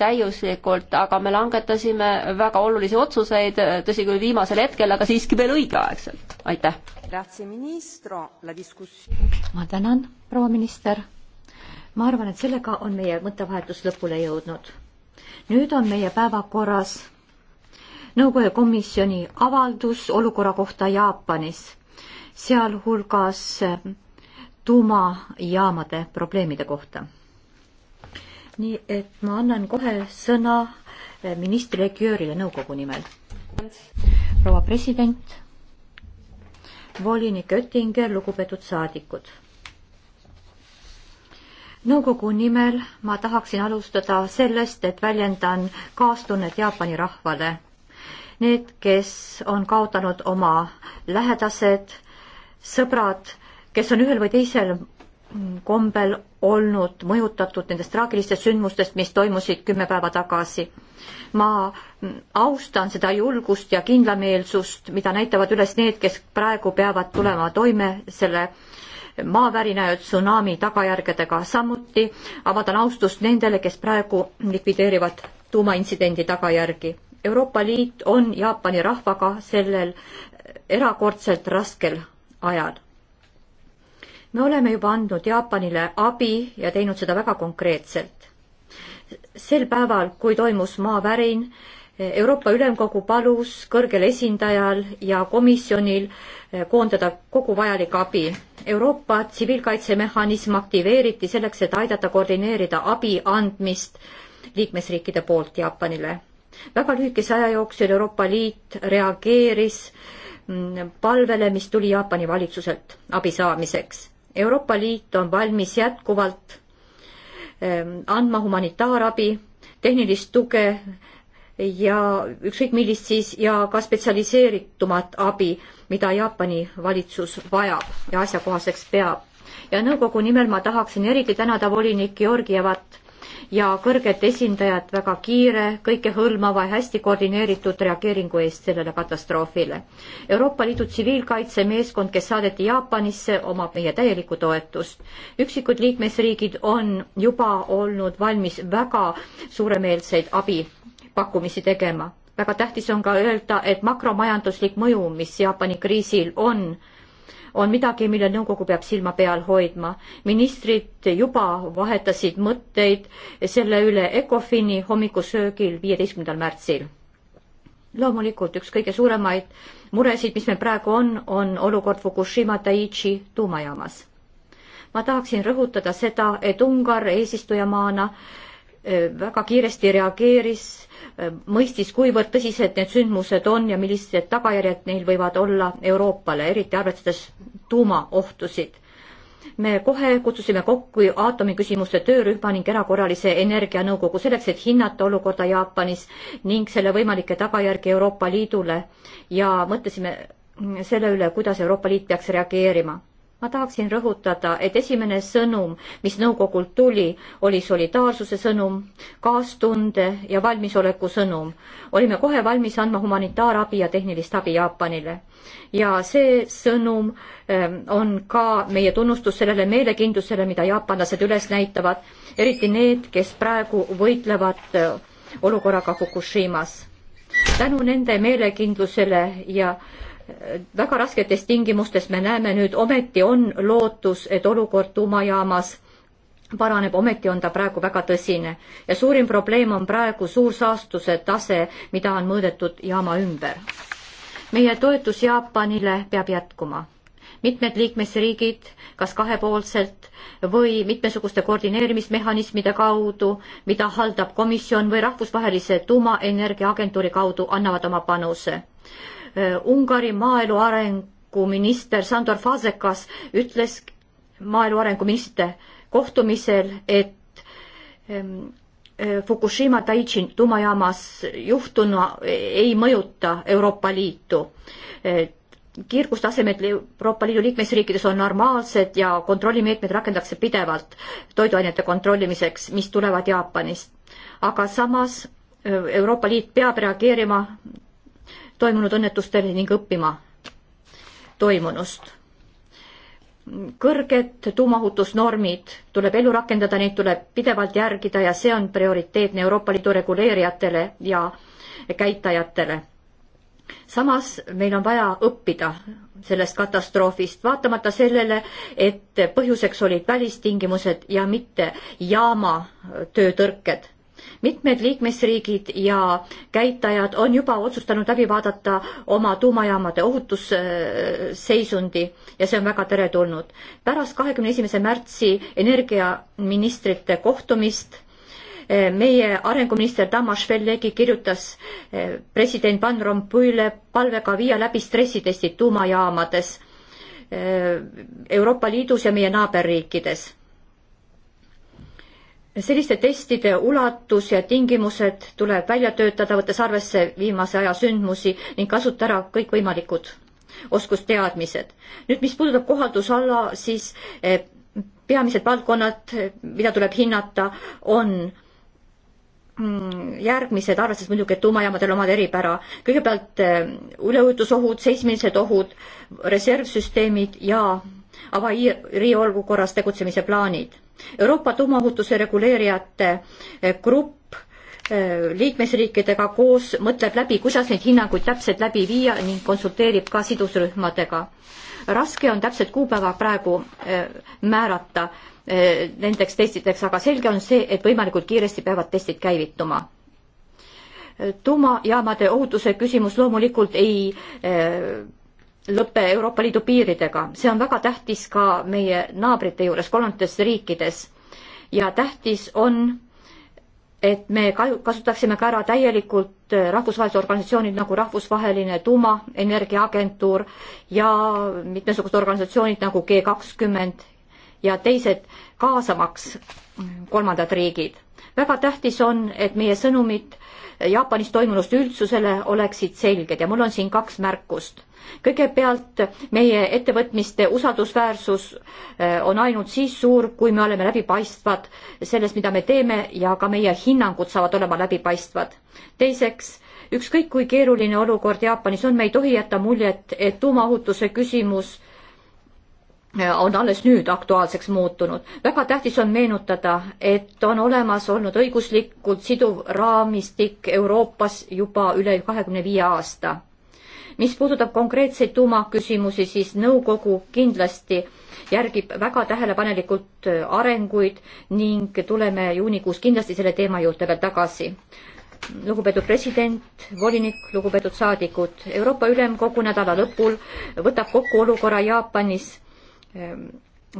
täiuslikult, aga me langetasime väga olulisi otsuseid, tõsi küll, viimasel hetkel, aga siiski veel õigeaegselt, aitäh. ma tänan, proua minister. ma arvan, et sellega on meie mõttevahetus lõpule jõudnud. nüüd on meie päevakorras nõukogu komisjoni avaldus olukorra kohta Jaapanis, sealhulgas eh, tuumajaamade probleemide kohta nii et ma annan kohe sõna eh, ministrile Kjörile nõukogu nimel. proua president, volinik Oettinger, lugupeetud saadikud. nõukogu nimel ma tahaksin alustada sellest, et väljendan kaastunnet Jaapani rahvale. Need, kes on kaotanud oma lähedased, sõbrad, kes on ühel või teisel kombel olnud mõjutatud nendest traagilistest sündmustest, mis toimusid kümme päeva tagasi. ma austan seda julgust ja kindlameelsust, mida näitavad üles need, kes praegu peavad tulema toime selle maavärina ja tsunami tagajärgedega. samuti avaldan austust nendele, kes praegu likvideerivad tuumaintsidendi tagajärgi. Euroopa Liit on Jaapani rahvaga sellel erakordselt raskel ajal me oleme juba andnud Jaapanile abi ja teinud seda väga konkreetselt. sel päeval, kui toimus maavärin, Euroopa Ülemkogu palus kõrgel esindajal ja komisjonil eh, koondada kogu vajalik abi. Euroopa tsiviilkaitsemehhanism aktiveeriti selleks, et aidata koordineerida abi andmist liikmesriikide poolt Jaapanile. väga lühikese aja jooksul Euroopa Liit reageeris mm, palvele, mis tuli Jaapani valitsuselt abi saamiseks. Euroopa Liit on valmis jätkuvalt ehm, andma humanitaarabi, tehnilist tuge ja ükskõik millist siis ja ka spetsialiseeritumat abi, mida Jaapani valitsus vajab ja asjakohaseks peab. ja nõukogu nimel ma tahaksin eriti tänada volinik Georgievat ja kõrget esindajat väga kiire, kõikehõlmava ja hästi koordineeritud reageeringu eest sellele katastroofile. Euroopa Liidu tsiviilkaitsemeeskond, kes saadeti Jaapanisse, omab meie täielikku toetust. üksikud liikmesriigid on juba olnud valmis väga suuremeelseid abipakkumisi tegema väga tähtis on ka öelda, et makromajanduslik mõju, mis Jaapani kriisil on, on midagi, millel nõukogu peab silma peal hoidma. ministrid juba vahetasid mõtteid selle üle ECOFIN-i hommikusöögil viieteistkümnendal märtsil. loomulikult üks kõige suuremaid muresid, mis meil praegu on, on olukord Fukushima Daiichi tuumajaamas. ma tahaksin rõhutada seda, et Ungar eesistujamaana äh, Äh, väga kiiresti reageeris, äh, mõistis, kuivõrd tõsised need sündmused on ja millised tagajärjed neil võivad olla Euroopale, eriti arvestades tuumaohtusid. me kohe kutsusime kokku aatomiküsimuste töörühma ning erakorralise energianõukogu selleks, et hinnata olukorda Jaapanis ning selle võimalikke tagajärgi Euroopa Liidule ja mõtlesime selle üle, kuidas Euroopa Liit peaks reageerima ma tahaksin rõhutada, et esimene sõnum, mis nõukogult tuli, oli solidaarsuse sõnum, kaastunde ja valmisoleku sõnum. olime kohe valmis andma humanitaarabi ja tehnilist abi Jaapanile. ja see sõnum ähm, on ka meie tunnustus sellele meelekindlusele, mida jaapanlased üles näitavad, eriti need, kes praegu võitlevad äh, olukorraga Fukushimas. tänu nende meelekindlusele ja äh, väga rasketes tingimustes me näeme nüüd ometi on lootus, et olukord tuumajaamas paraneb, ometi on ta praegu väga tõsine ja suurim probleem on praegu suur saastuse tase, mida on mõõdetud jaama ümber. meie toetus Jaapanile peab jätkuma. mitmed liikmesriigid, kas kahepoolselt või mitmesuguste koordineerimismehhanismide kaudu, mida haldab komisjon või rahvusvahelise tuumaenergiaagentuuri kaudu, annavad oma panuse Äh, Ungari maaelu arenguminister Sandor Fazekas ütles maaelu arenguministrite kohtumisel, et ähm, äh, Fukushima Daichin tuumajaamas juhtunu ei mõjuta Euroopa Liitu. Äh, kiirgustasemed Euroopa Liidu liikmesriikides on normaalsed ja kontrollimeetmed rakendatakse pidevalt toiduainete kontrollimiseks, mis tulevad Jaapanist. aga samas Euroopa Liit peab reageerima toimunud õnnetustel ning õppima toimunust. kõrged tuumaohutusnormid tuleb ellu rakendada, neid tuleb pidevalt järgida ja see on prioriteetne Euroopa Liidu reguleerijatele ja käitajatele. samas meil on vaja õppida sellest katastroofist, vaatamata sellele, et põhjuseks olid välistingimused ja mitte jaama töötõrked mitmed liikmesriigid ja käitajad on juba otsustanud läbi vaadata oma tuumajaamade ohutusseisundi ja see on väga teretulnud. pärast kahekümne esimese märtsi energiaministrite kohtumist eh, meie arenguminister Tamas Vellegi kirjutas eh, president Van Rompuyle palvega viia läbi stressitestid tuumajaamades eh, Euroopa Liidus ja meie naaberriikides selliste testide ulatus ja tingimused tuleb välja töötada, võttes arvesse viimase aja sündmusi ning kasuta ära kõikvõimalikud oskusteadmised. nüüd, mis puudutab kohaldusala, siis eh, peamised valdkonnad, eh, mida tuleb hinnata, on mm, järgmised, arvestades muidugi, et tuumajaamadel omad eripära. kõigepealt eh, üleujutusohud, seismilised ohud, reservsüsteemid ja avariiolukorras tegutsemise plaanid Euroopa tuumaohutuse reguleerijate eh, grupp eh, liikmesriikidega koos mõtleb läbi, kuidas neid hinnanguid täpselt läbi viia ning konsulteerib ka sidusrühmadega. raske on täpset kuupäeva praegu eh, määrata nendeks testideks, aga selge on see, et võimalikult kiiresti peavad testid käivituma tuumajaamade ohutuse küsimus loomulikult ei lõpe Euroopa Liidu piiridega, see on väga tähtis ka meie naabrite juures, kolmandates riikides. ja tähtis on, et me kasutaksime ka ära täielikult rahvusvahelised organisatsioonid nagu Rahvusvaheline Tuumaenergiaagentuur ja mitmesugused organisatsioonid nagu G kakskümmend ja teised, kaasamaks kolmandad riigid. väga tähtis on, et meie sõnumid Jaapanis toimunust üldsusele oleksid selged ja mul on siin kaks märkust kõigepealt meie ettevõtmiste usaldusväärsus eh, on ainult siis suur, kui me oleme läbipaistvad selles, mida me teeme ja ka meie hinnangud saavad olema läbipaistvad. teiseks, ükskõik kui keeruline olukord Jaapanis on, me ei tohi jätta muljet, et tuumaohutuse küsimus eh, on alles nüüd aktuaalseks muutunud. väga tähtis on meenutada, et on olemas olnud õiguslikult siduv raamistik Euroopas juba üle kahekümne viie aasta mis puudutab konkreetseid tuumaküsimusi, siis nõukogu kindlasti järgib väga tähelepanelikult äh, arenguid ning tuleme juunikuus kindlasti selle teema juurde veel tagasi. lugupeetud president, volinik, lugupeetud saadikud, Euroopa Ülemkogu nädala lõpul võtab kokku olukorra Jaapanis ähm,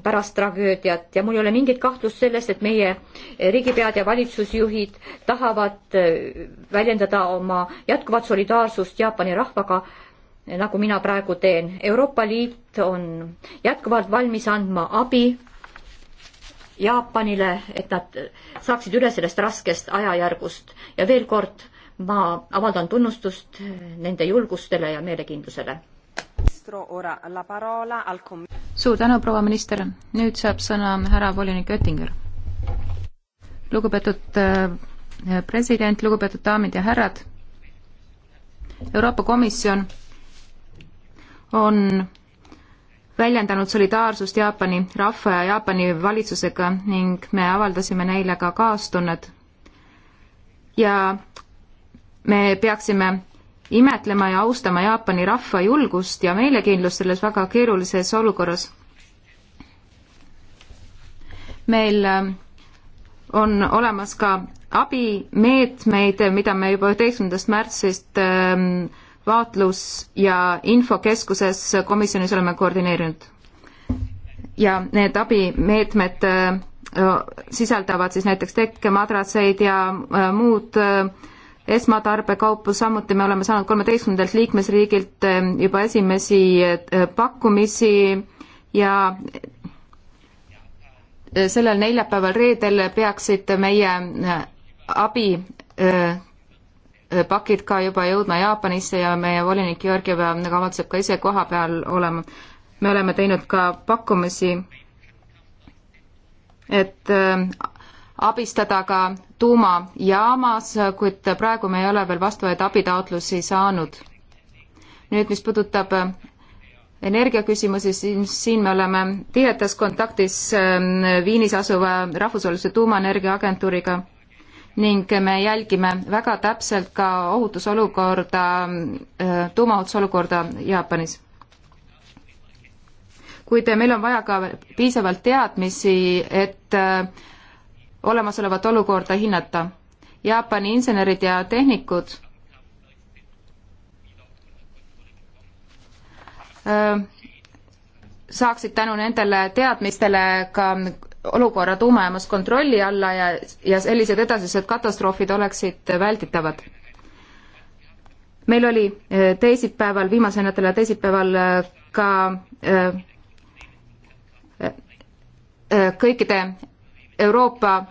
pärast tragöödiat ja mul ei ole mingit kahtlust sellest, et meie riigipead ja valitsusjuhid tahavad äh, väljendada oma jätkuvat solidaarsust Jaapani rahvaga nagu mina praegu teen. Euroopa Liit on jätkuvalt valmis andma abi Jaapanile, et nad saaksid üle sellest raskest ajajärgust ja veel kord ma avaldan tunnustust nende julgustele ja meelekindlusele. suur tänu, proua minister. nüüd saab sõna härra volinik Oettinger. lugupeetud äh, president, lugupeetud daamid ja härrad. Euroopa Komisjon on väljendanud solidaarsust Jaapani rahva ja Jaapani valitsusega ning me avaldasime neile ka kaastunnet. ja me peaksime imetlema ja austama Jaapani rahva julgust ja meelekindlust selles väga keerulises olukorras. meil äh, on olemas ka abimeetmeid, mida me juba üheksateistkümnendast märtsist äh, vaatlus- ja infokeskuses komisjonis oleme koordineerinud. ja need abimeetmed äh, äh, sisaldavad siis näiteks tekkemadratseid ja äh, muud esmatarbekaupu, samuti me oleme saanud kolmeteistkümnendalt liikmesriigilt juba esimesi pakkumisi ja sellel neljapäeval, reedel peaksid meie abi Äh, pakid ka juba jõudma Jaapanisse ja meie volinik Georgieva kavatseb ka ise koha peal olema. me oleme teinud ka pakkumisi, et äh, abistada ka tuumajaamas, kuid praegu me ei ole veel vastavaid abitaotlusi saanud. nüüd, mis puudutab äh, energiaküsimusi, siis siin me oleme tihedas kontaktis Viinis asuva rahvusvahelise tuumaenergiaagentuuriga ning me jälgime väga täpselt ka ohutusolukorda, tuumaohutusolukorda Jaapanis kuid meil on vaja ka piisavalt teadmisi, et äh, olemasolevat olukorda hinnata. Jaapani insenerid ja tehnikud äh, saaksid tänu nendele teadmistele ka olukorra tuumajaamast kontrolli alla ja, ja sellised edasised katastroofid oleksid välditavad. meil oli äh, teisipäeval, viimasel nädalal teisipäeval äh, ka äh, kõikide Euroopa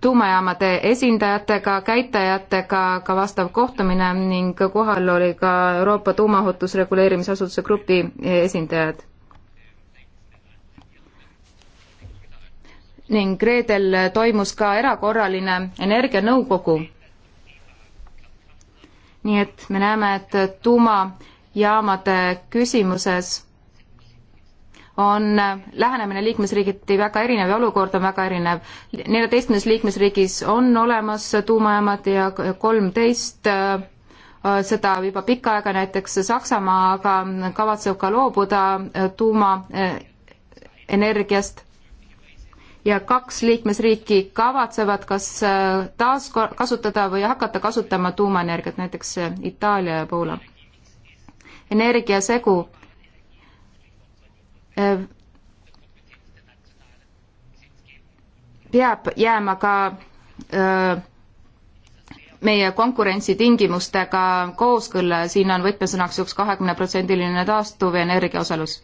tuumajaamade esindajatega, käitajatega ka vastav kohtumine ning kohal oli ka Euroopa Tuumaohutusreguleerimisasutuse grupi esindajad ning reedel toimus ka erakorraline energianõukogu. nii et me näeme, et tuumajaamade küsimuses on lähenemine liikmesriigiti väga erinev ja olukord on väga erinev. neljateistkümnes liikmesriigis on olemas tuumajaamad ja kolmteist äh, seda juba pikka aega, näiteks Saksamaa aga kavatseb ka loobuda äh, tuumaenergiast ja kaks liikmesriiki kavatsevad kas äh, taaskasutada või hakata kasutama tuumaenergiat, näiteks äh, Itaalia ja Poola. energiasegu äh, peab jääma ka öö, meie konkurentsitingimustega kooskõlla ja siin on võtmesõnaks üks kahekümneprotsendiline taastuvenergia osalus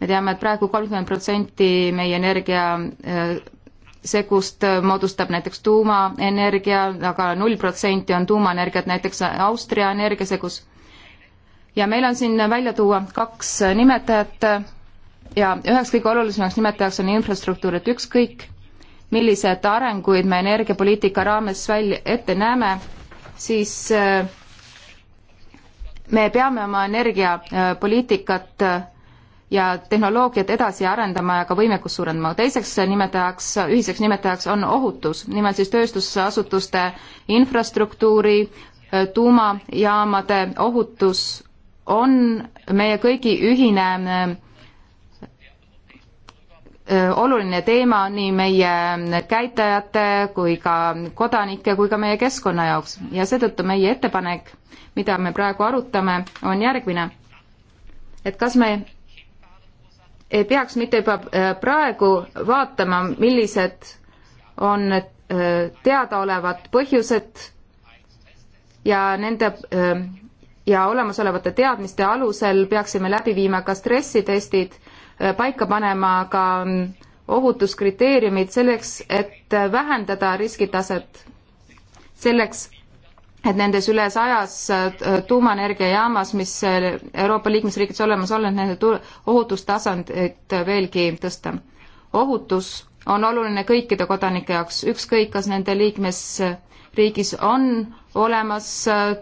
me teame, et praegu kolmkümmend protsenti meie energiasegust äh, äh, moodustab näiteks tuumaenergia aga, aga null protsenti on tuumaenergiat näiteks Austria energiasegus. ja meil on siin välja tuua kaks nimetajat äh, ja üheks kõige olulisemaks nimetajaks on infrastruktuur, et ükskõik, millised arenguid me energiapoliitika raames välja, ette näeme, siis me peame oma energiapoliitikat äh, ja tehnoloogiat edasi arendama ja ka võimekust suurendama. teiseks nimetajaks, ühiseks nimetajaks on ohutus, nimelt siis tööstusasutuste infrastruktuuri, tuumajaamade ohutus on meie kõigi ühine äh, oluline teema nii meie käitajate kui ka kodanike kui ka meie keskkonna jaoks ja seetõttu meie ettepanek, mida me praegu arutame, on järgmine. et kas me ei peaks mitte juba äh, praegu vaatama, millised on äh, teadaolevad põhjused ja nende äh, ja olemasolevate teadmiste alusel peaksime läbi viima ka stressitestid, paika panema ka mm, ohutuskriteeriumid selleks, et vähendada riskitaset. selleks, et nendes üle sajas äh, tuumaenergiajaamas, mis äh, Euroopa liikmesriikides olemas on, et nende ohutustasandit äh, veelgi tõsta. ohutus on oluline kõikide kodanike jaoks, ükskõik, kas nende liikmesriigis on olemas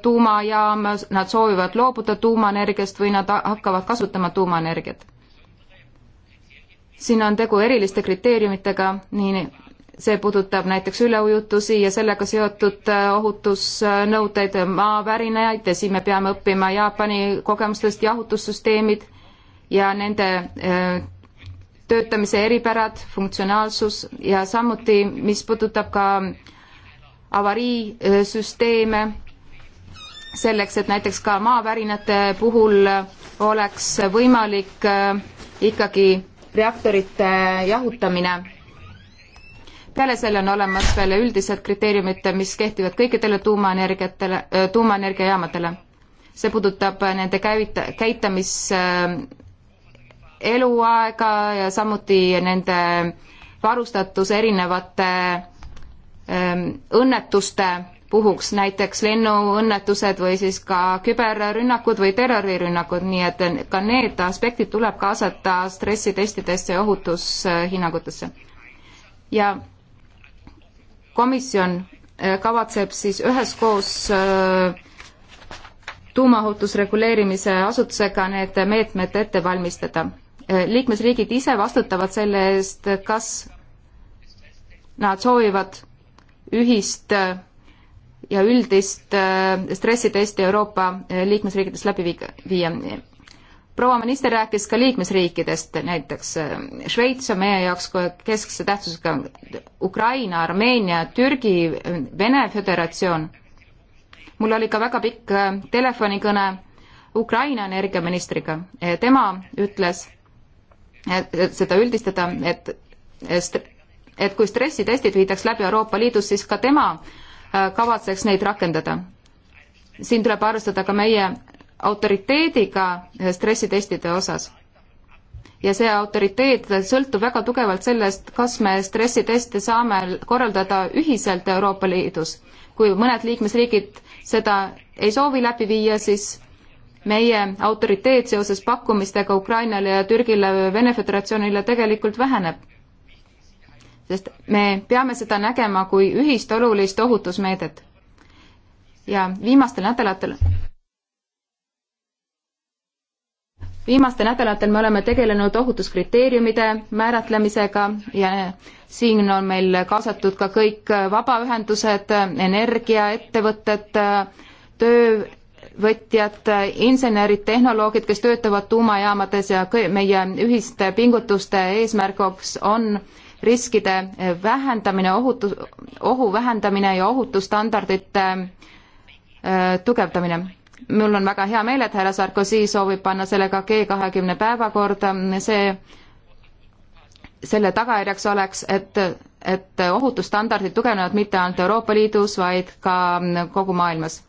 tuumajaam, nad soovivad loobuda tuumaenergiast või nad hakkavad kasutama tuumaenergiat. siin on tegu eriliste kriteeriumitega, nii see puudutab näiteks üleujutusi ja sellega seotud äh, ohutusnõudeid, maavärinajaid ja siin me peame õppima Jaapani kogemustest, jahutussüsteemid ja nende äh, töötamise eripärad, funktsionaalsus ja samuti, mis puudutab ka avariisüsteeme, selleks, et näiteks ka maavärinate puhul oleks võimalik äh, ikkagi reaktorite jahutamine peale selle on olemas veel üldised kriteeriumid, mis kehtivad kõikidele tuumaenergiatele, tuumaenergiajaamadele. see puudutab nende käivita-, käitamiseluaega ja samuti nende varustatus erinevate õnnetuste puhuks, näiteks lennuõnnetused või siis ka küberrünnakud või terrorirünnakud, nii et ka need aspektid tuleb kaasata stressitestidesse ja ohutushinnangutesse. ja komisjon äh, kavatseb siis üheskoos äh, tuumaohutusreguleerimise asutusega need meetmed ette valmistada. Äh, liikmesriigid ise vastutavad selle eest, kas nad soovivad ühist ja üldist stressitesti Euroopa liikmesriikides läbi viia proua minister rääkis ka liikmesriikidest, näiteks äh, Šveits on meie jaoks keskse tähtsusega, Ukraina, Armeenia, Türgi, Vene Föderatsioon. mul oli ka väga pikk äh, telefonikõne Ukraina energiaministriga, äh, tema ütles, et seda üldistada, et et kui stressitestid viidaks läbi Euroopa Liidus, siis ka tema kavatseks neid rakendada. siin tuleb arvestada ka meie autoriteediga äh, stressitestide osas. ja see autoriteet sõltub väga tugevalt sellest, kas me stressiteste saame korraldada ühiselt Euroopa Liidus. kui mõned liikmesriigid seda ei soovi läbi viia, siis meie autoriteet seoses pakkumistega Ukrainale ja Türgile, Vene Föderatsioonile tegelikult väheneb. sest me peame seda nägema kui ühist olulist ohutusmeedet. ja viimastel nädalatel viimastel nädalatel me oleme tegelenud ohutuskriteeriumide määratlemisega ja siin on meil kaasatud ka kõik vabaühendused, energiaettevõtted, töövõtjad, insenerid, tehnoloogid, kes töötavad tuumajaamades ja meie ühiste pingutuste eesmärgiks on riskide vähendamine, ohutu, ohu vähendamine ja ohutusstandardite äh, tugevdamine mul on väga hea meel, et härra Sarkozy soovib panna selle ka G kahekümne päevakorda, see, selle tagajärjeks oleks, et, et ohutusstandardid tugevnevad mitte ainult Euroopa Liidus, vaid ka kogu maailmas.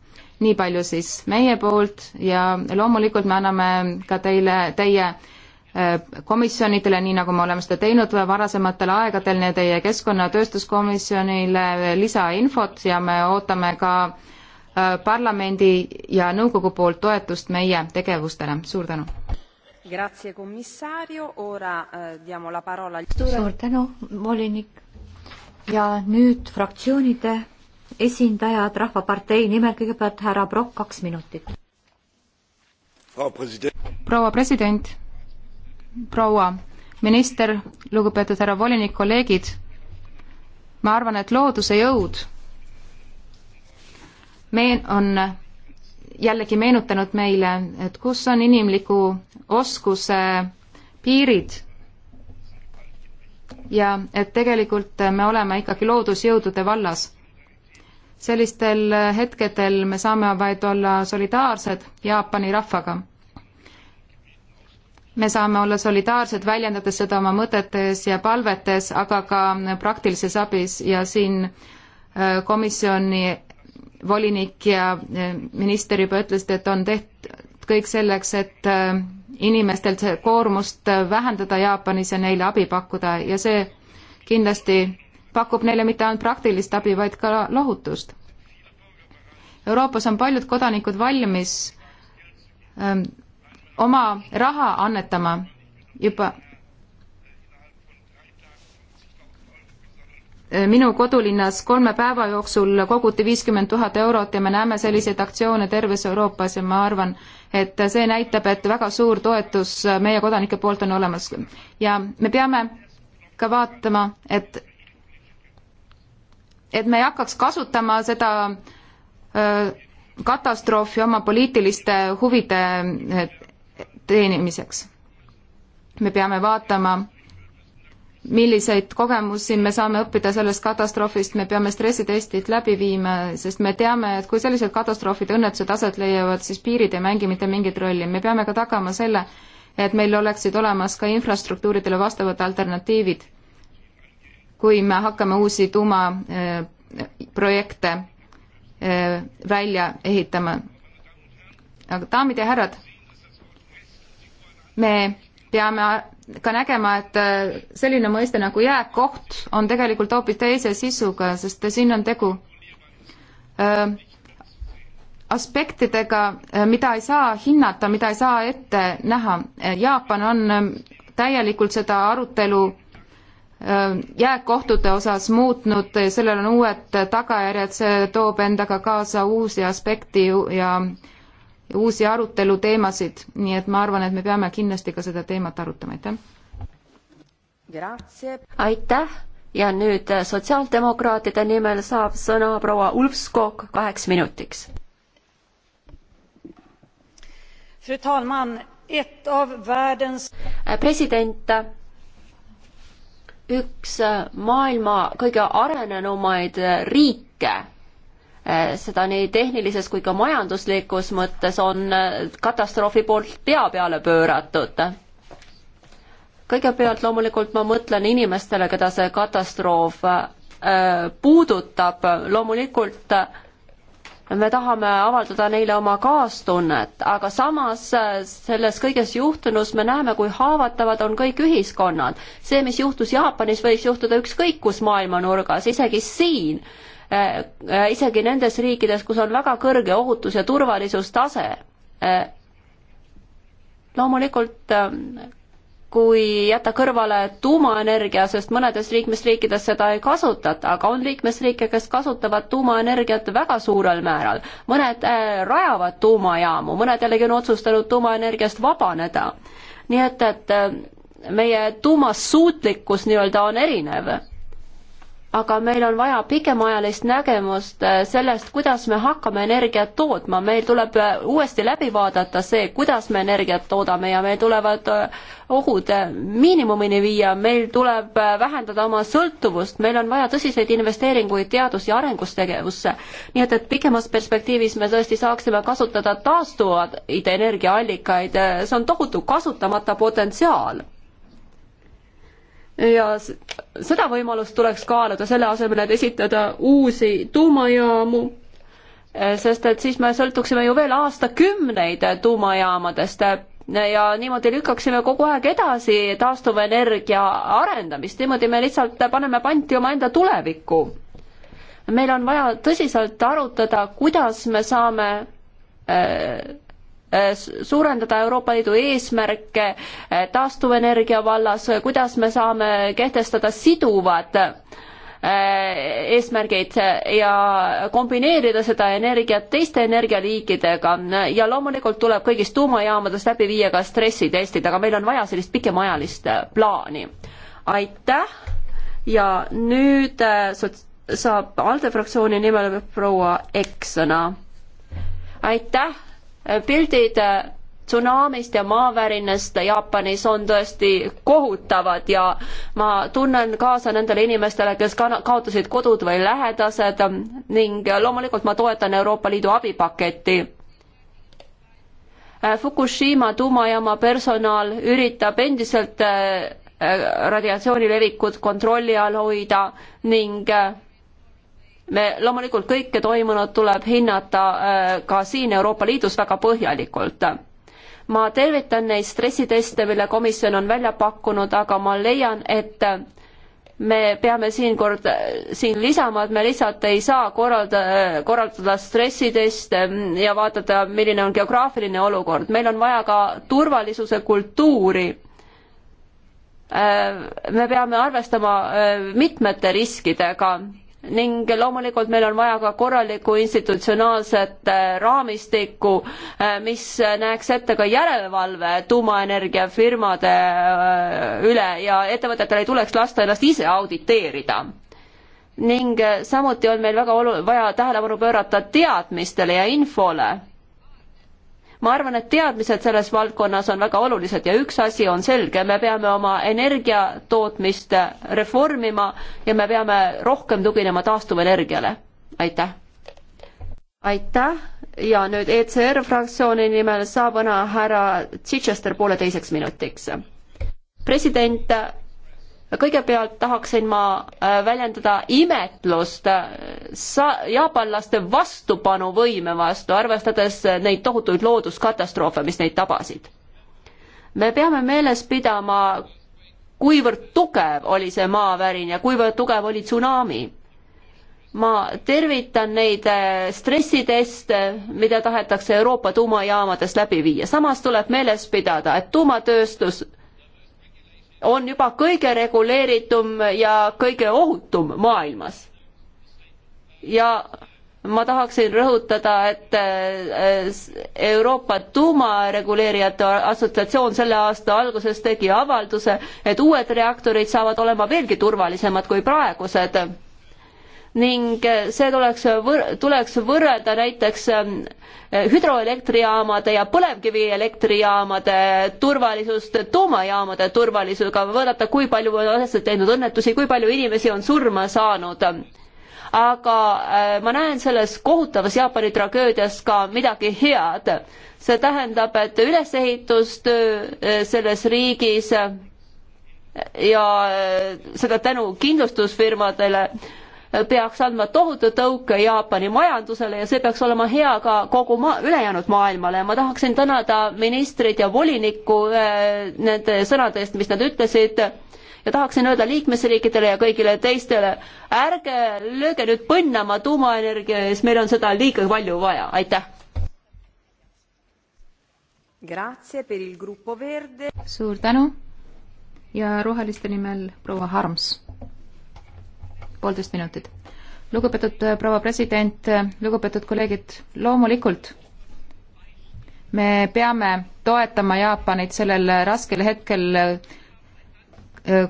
nii palju siis meie poolt ja loomulikult me anname ka teile, teie eh, komisjonidele, nii nagu me oleme seda teinud varasematel aegadel, teie keskkonnatööstuskomisjonile lisainfot ja me ootame ka äh, Äh, parlamendi ja nõukogu poolt toetust meie tegevustele. suur tänu! Äh, suur tänu, volinik! ja nüüd fraktsioonide esindajad Rahvapartei nimel, kõigepealt härra Brock, kaks minutit. proua president, proua minister, lugupeetud härra volinik, kolleegid, ma arvan, et looduse jõud meen-, on jällegi meenutanud meile, et kus on inimliku oskuse piirid ja et tegelikult me oleme ikkagi loodusjõudude vallas. sellistel hetkedel me saame vaid olla solidaarsed Jaapani rahvaga. me saame olla solidaarsed, väljendades seda oma mõtetes ja palvetes, aga ka praktilises abis ja siin äh, komisjoni volinik ja eh, minister juba ütlesid, et on tehtud kõik selleks, et eh, inimestelt see koormust eh, vähendada Jaapanis ja neile abi pakkuda ja see kindlasti pakub neile mitte ainult praktilist abi, vaid ka lohutust. Euroopas on paljud kodanikud valmis öö, oma raha annetama juba minu kodulinnas kolme päeva jooksul koguti viiskümmend tuhat eurot ja me näeme selliseid aktsioone terves Euroopas ja ma arvan, et see näitab, et väga suur toetus meie kodanike poolt on olemas. ja me peame ka vaatama, et et me ei hakkaks kasutama seda öö, katastroofi oma poliitiliste huvide eh, teenimiseks. me peame vaatama milliseid kogemusi me saame õppida sellest katastroofist, me peame stressitestid läbi viima, sest me teame, et kui sellised katastroofid, õnnetused aset leiavad, siis piirid ei mängi mitte mingit rolli, me peame ka tagama selle, et meil oleksid olemas ka infrastruktuuridele vastavad alternatiivid, kui me hakkame uusi tuumaprojekte eh, eh, välja ehitama. aga daamid ja härrad, me peame ka nägema, et äh, selline mõiste nagu jääkoht on tegelikult hoopis teise sisuga, sest siin on tegu äh, aspektidega, äh, mida ei saa hinnata, mida ei saa ette näha. Jaapan on ähm, täielikult seda arutelu jääkohtute osas muutnud, sellel on uued tagajärjed, see toob endaga kaasa uusi aspekti ja äh, uusi aruteluteemasid, nii et ma arvan, et me peame kindlasti ka seda teemat arutama, aitäh. aitäh ja nüüd äh, sotsiaaldemokraatide nimel saab sõna proua Ulfskog kaheks minutiks. Äh, president, äh, üks maailma kõige arenenumaid riike Äh, seda nii tehnilises kui ka majanduslikus mõttes on äh, katastroofi poolt pea peale pööratud. kõigepealt loomulikult ma mõtlen inimestele, keda see katastroof äh, puudutab, loomulikult me tahame avaldada neile oma kaastunnet, aga samas selles kõiges juhtunus me näeme, kui haavatavad on kõik ühiskonnad. see, mis juhtus Jaapanis, võiks juhtuda ükskõik kus maailma nurgas, isegi siin Äh, äh, isegi nendes riikides, kus on väga kõrge ohutus- ja turvalisustase. Äh, loomulikult kui jätta kõrvale tuumaenergia, sest mõnedes liikmesriikides seda ei kasutata, aga on liikmesriike, kes kasutavad tuumaenergiat väga suurel määral. mõned rajavad tuumajaamu, mõned jällegi on otsustanud tuumaenergiast vabaneda. nii et, et meie tuumassuutlikkus nii-öelda on erinev aga meil on vaja pikemaajalist nägemust äh, sellest, kuidas me hakkame energiat tootma, meil tuleb äh, uuesti läbi vaadata see, kuidas me energiat toodame ja meil tulevad äh, ohud miinimumini viia, meil tuleb vähendada oma sõltuvust, meil on vaja tõsiseid investeeringuid teadus- ja arengustegevusse. nii et, et pikemas perspektiivis me tõesti saaksime kasutada taastuvaid energiaallikaid, see on tohutu kasutamata potentsiaal ja seda võimalust tuleks kaaluda selle asemel, et esitada uusi tuumajaamu, eh, sest et siis me sõltuksime ju veel aastakümneid tuumajaamadest eh, ja niimoodi lükkaksime kogu aeg edasi taastuvenergia arendamist, niimoodi me lihtsalt paneme panti omaenda tulevikku. meil on vaja tõsiselt arutada, kuidas me saame äh, Äh, suurendada Euroopa Liidu eesmärke äh, taastuvenergia vallas, kuidas me saame kehtestada siduvad äh, eesmärgid ja kombineerida seda energiat teiste energialiikidega ja loomulikult tuleb kõigis tuumajaamades läbi viia ka stressitestid, aga meil on vaja sellist pikemaajalist plaani. aitäh ja nüüd saab ALDE fraktsiooni nimel proua Ekk sõna. aitäh pildid tsunamist ja maavärinast Jaapanis on tõesti kohutavad ja ma tunnen kaasa nendele inimestele, kes kaotasid kodud või lähedased ning loomulikult ma toetan Euroopa Liidu abipaketti. Fukushima tuumajaama personal üritab endiselt äh, äh, radiatsiooni levikut kontrolli all hoida ning äh, me loomulikult kõike toimunut tuleb hinnata äh, ka siin Euroopa Liidus väga põhjalikult. ma tervitan neid stressiteste, mille komisjon on välja pakkunud, aga ma leian, et me peame siinkord äh, siin lisama, et me lihtsalt ei saa korralda, äh, korraldada stressiteste ja vaadata, milline on geograafiline olukord. meil on vaja ka turvalisuse kultuuri me peame arvestama mitmete riskidega ning loomulikult meil on vaja ka korralikku institutsionaalset äh, raamistikku, äh, mis näeks ette ka järelevalve tuumaenergiafirmade äh, üle ja ettevõtetel ei tuleks lasta ennast ise auditeerida ning samuti on meil väga olu-, vaja tähelepanu pöörata teadmistele ja infole ma arvan, et teadmised selles valdkonnas on väga olulised ja üks asi on selge, me peame oma energiatootmist reformima ja me peame rohkem tuginema taastuvenergiale. aitäh! aitäh ja nüüd ECR fraktsiooni nimel saab õna härra Chichester pooleteiseks minutiks. president kõigepealt tahaksin ma äh, väljendada imetlust äh, sa-, jaapanlaste vastupanuvõime vastu, arvestades äh, neid tohutuid looduskatastroofe, mis neid tabasid. me peame meeles pidama, kuivõrd tugev oli see maavärin ja kuivõrd tugev oli tsunami. ma tervitan neid stressiteste, mida tahetakse Euroopa tuumajaamades läbi viia, samas tuleb meeles pidada, et tuumatööstus on juba kõige reguleeritum ja kõige ohutum maailmas. ja ma tahaksin rõhutada, et eh, Euroopa tuumareguleerijate assotsiatsioon selle aasta alguses tegi avalduse, et uued reaktorid saavad olema veelgi turvalisemad kui praegused ning äh, see tuleks võr-, tuleks võrrelda näiteks ähm, äh, hüdroelektrijaamade ja põlevkivielektrijaamade turvalisust tuumajaamade turvalisusega, vaadata, kui palju on asjad teinud õnnetusi, kui palju inimesi on surma saanud. aga äh, ma näen selles kohutavas Jaapani tragöödias ka midagi head. see tähendab, et ülesehitustöö selles riigis ja seda tänu kindlustusfirmadele äh, peaks andma tohutu tõuke Jaapani majandusele ja see peaks olema hea ka kogu ma-, ülejäänud maailmale. ma tahaksin tänada ministrit ja volinikku äh, nende sõnade eest, mis nad ütlesid, ja tahaksin öelda liikmesriikidele ja kõigile teistele, ärge lööge nüüd põnnama tuumaenergia ees, meil on seda liiga palju vaja, aitäh! suur tänu ja roheliste nimel proua Harms poolteist minutit. lugupeetud äh, proua president, äh, lugupeetud kolleegid, loomulikult me peame toetama Jaapanit sellel äh, raskel hetkel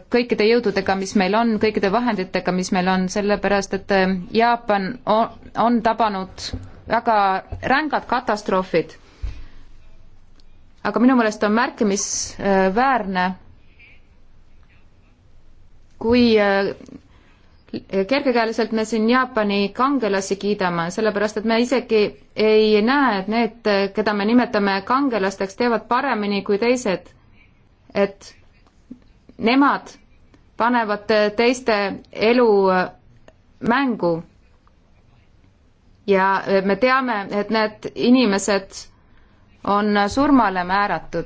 kõikide jõududega, mis meil on, kõikide vahenditega, mis meil on, sellepärast et Jaapan on, on tabanud väga rängad katastroofid. aga minu meelest on märkimisväärne, kui kergekäeliselt me siin Jaapani kangelasi kiidame, sellepärast et me isegi ei näe, et need, keda me nimetame kangelasteks, teevad paremini kui teised. et nemad panevad teiste elu mängu. ja me teame, et need inimesed on surmale määratud.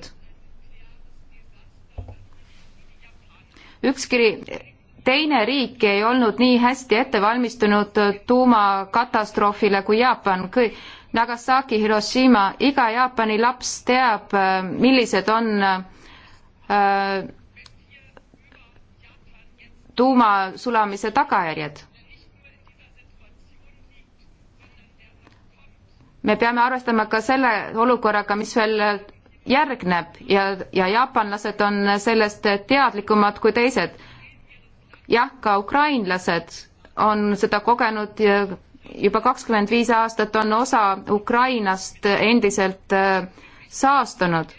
ükski teine riik ei olnud nii hästi ette valmistunud tuumakatastroofile kui Jaapan. Nagasaki, Hiroshima, iga Jaapani laps teab, äh, millised on äh, tuumasulamise tagajärjed. me peame arvestama ka selle olukorraga, mis veel järgneb ja, ja jaapanlased on sellest teadlikumad kui teised jah, ka ukrainlased on seda kogenud juba kakskümmend viis aastat on osa Ukrainast endiselt äh, saastunud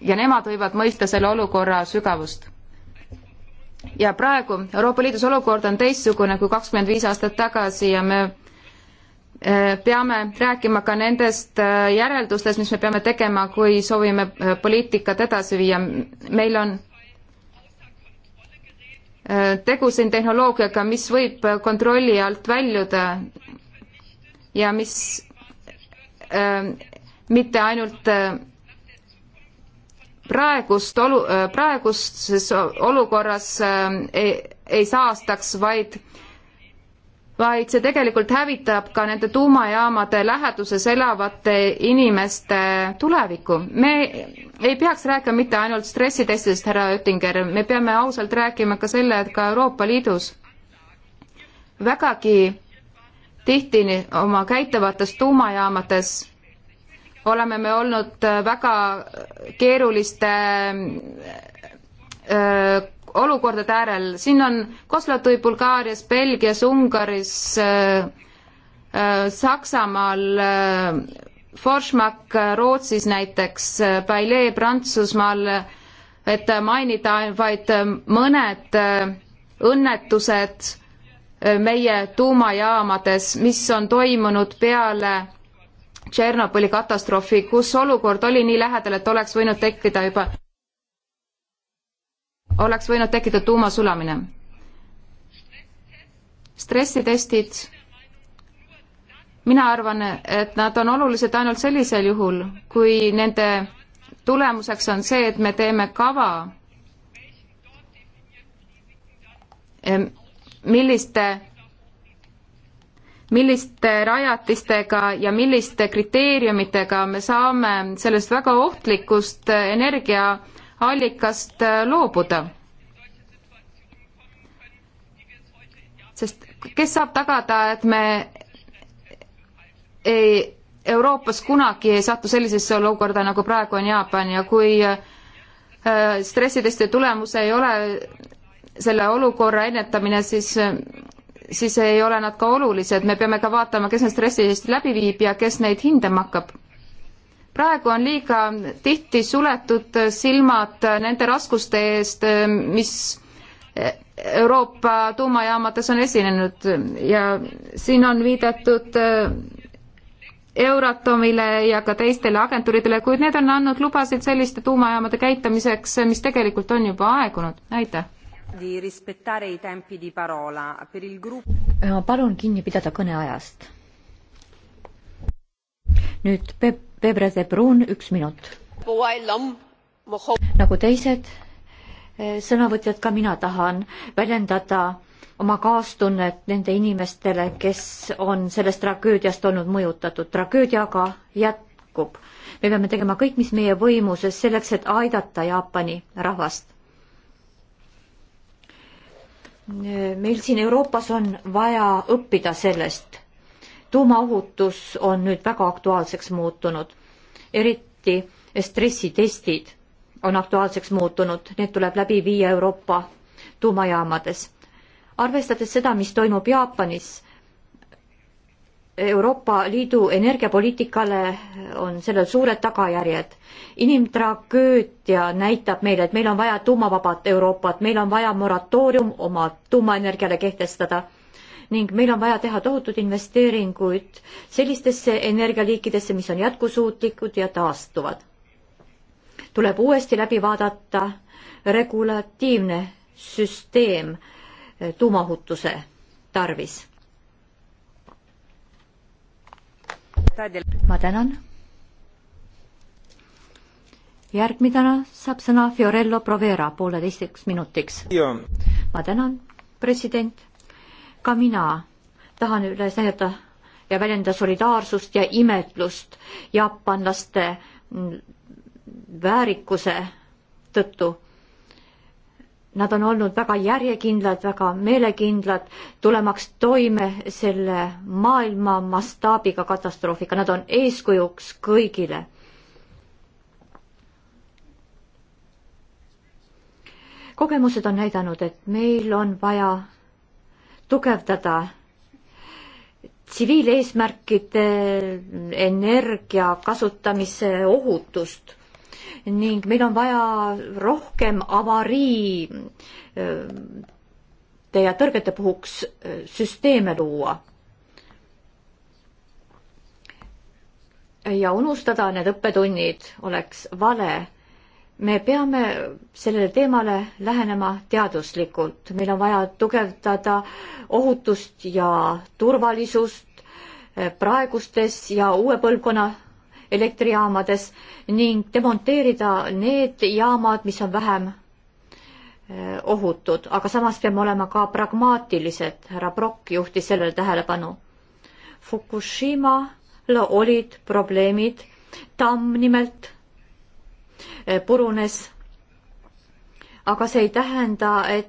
ja nemad võivad mõista selle olukorra sügavust. ja praegu Euroopa Liidus olukord on teistsugune kui kakskümmend viis aastat tagasi ja me äh, peame rääkima ka nendest äh, järeldustest, mis me peame tegema, kui soovime poliitikat edasi viia. meil on tegu siin tehnoloogiaga, mis võib kontrolli alt väljuda ja mis äh, mitte ainult äh, praegust olu äh,, praeguses olukorras äh, ei, ei saastaks, vaid vaid see tegelikult hävitab ka nende tuumajaamade läheduses elavate inimeste tulevikku. me ei peaks rääkima mitte ainult stressitestidest, härra Oettinger, me peame ausalt rääkima ka selle, et ka Euroopa Liidus vägagi tihti oma käitavates tuumajaamades oleme me olnud väga keeruliste öö, äh, olukordade äärel, siin on Koslotui Bulgaarias, Belgias, Ungaris äh,, äh, Saksamaal äh,, Forsmark äh, Rootsis näiteks, äh, Baillet Prantsusmaal, et mainida vaid äh, mõned õnnetused meie tuumajaamades, mis on toimunud peale Tšernobõli katastroofi, kus olukord oli nii lähedal, et oleks võinud tekkida juba oleks võinud tekkida tuumasulamine. stressitestid, mina arvan, et nad on olulised ainult sellisel juhul, kui nende tulemuseks on see, et me teeme kava, milliste, milliste rajatistega ja milliste kriteeriumitega me saame sellest väga ohtlikust energia allikast äh, loobuda. sest kes saab tagada, et me ei, Euroopas kunagi ei satu sellisesse olukorda, nagu praegu on Jaapan ja kui äh, stressitesti tulemus ei ole selle olukorra ennetamine, siis siis ei ole nad ka olulised, me peame ka vaatama, kes need stressitestid läbi viib ja kes neid hindama hakkab praegu on liiga tihti suletud silmad nende raskuste eest, mis Euroopa tuumajaamades on esinenud ja siin on viidatud äh, Euratomile ja ka teistele agentuuridele, kuid need on andnud lubasid selliste tuumajaamade käitamiseks, mis tegelikult on juba aegunud. aitäh! palun kinni pidada kõneajast. nüüd Peep Pebre de Bruun, üks minut. nagu teised eh, sõnavõtjad, ka mina tahan väljendada oma kaastunnet nende inimestele, kes on sellest tragöödiast olnud mõjutatud. tragöödia aga jätkub. me peame tegema kõik, mis meie võimuses, selleks, et aidata Jaapani rahvast. Eh, meil siin Euroopas on vaja õppida sellest tuumaohutus on nüüd väga aktuaalseks muutunud, eriti stressitestid on aktuaalseks muutunud, need tuleb läbi viia Euroopa tuumajaamades. arvestades seda, mis toimub Jaapanis, Euroopa Liidu energiapoliitikale on sellel suured tagajärjed. inimtragöödia näitab meile, et meil on vaja tuumavabat Euroopat, meil on vaja moratoorium oma tuumaenergiale kehtestada ning meil on vaja teha tohutud investeeringuid sellistesse energialiikidesse, mis on jätkusuutlikud ja taastuvad. tuleb uuesti läbi vaadata regulatiivne süsteem eh, tuumaohutuse tarvis. ma tänan. järgmine saab sõna Fiorello Provera pooleteiseks minutiks. ma tänan, president ka mina tahan üles näidata ja väljendada solidaarsust ja imetlust jaapanlaste väärikuse tõttu. Nad on olnud väga järjekindlad, väga meelekindlad, tulemaks toime selle maailma mastaabiga katastroofiga, nad on eeskujuks kõigile. kogemused on näidanud, et meil on vaja tugevdada tsiviileesmärkide energia kasutamise ohutust ning meil on vaja rohkem avariide äh, ja tõrgete puhuks äh, süsteeme luua. ja unustada need õppetunnid oleks vale me peame sellele teemale lähenema teaduslikult, meil on vaja tugevdada ohutust ja turvalisust eh, praegustes ja uue põlvkonna elektrijaamades ning demonteerida need jaamad, mis on vähem eh, ohutud, aga samas peame olema ka pragmaatilised, härra Brock juhtis sellele tähelepanu. Fukushimal olid probleemid, tamm nimelt Eh, purunes. aga see ei tähenda, et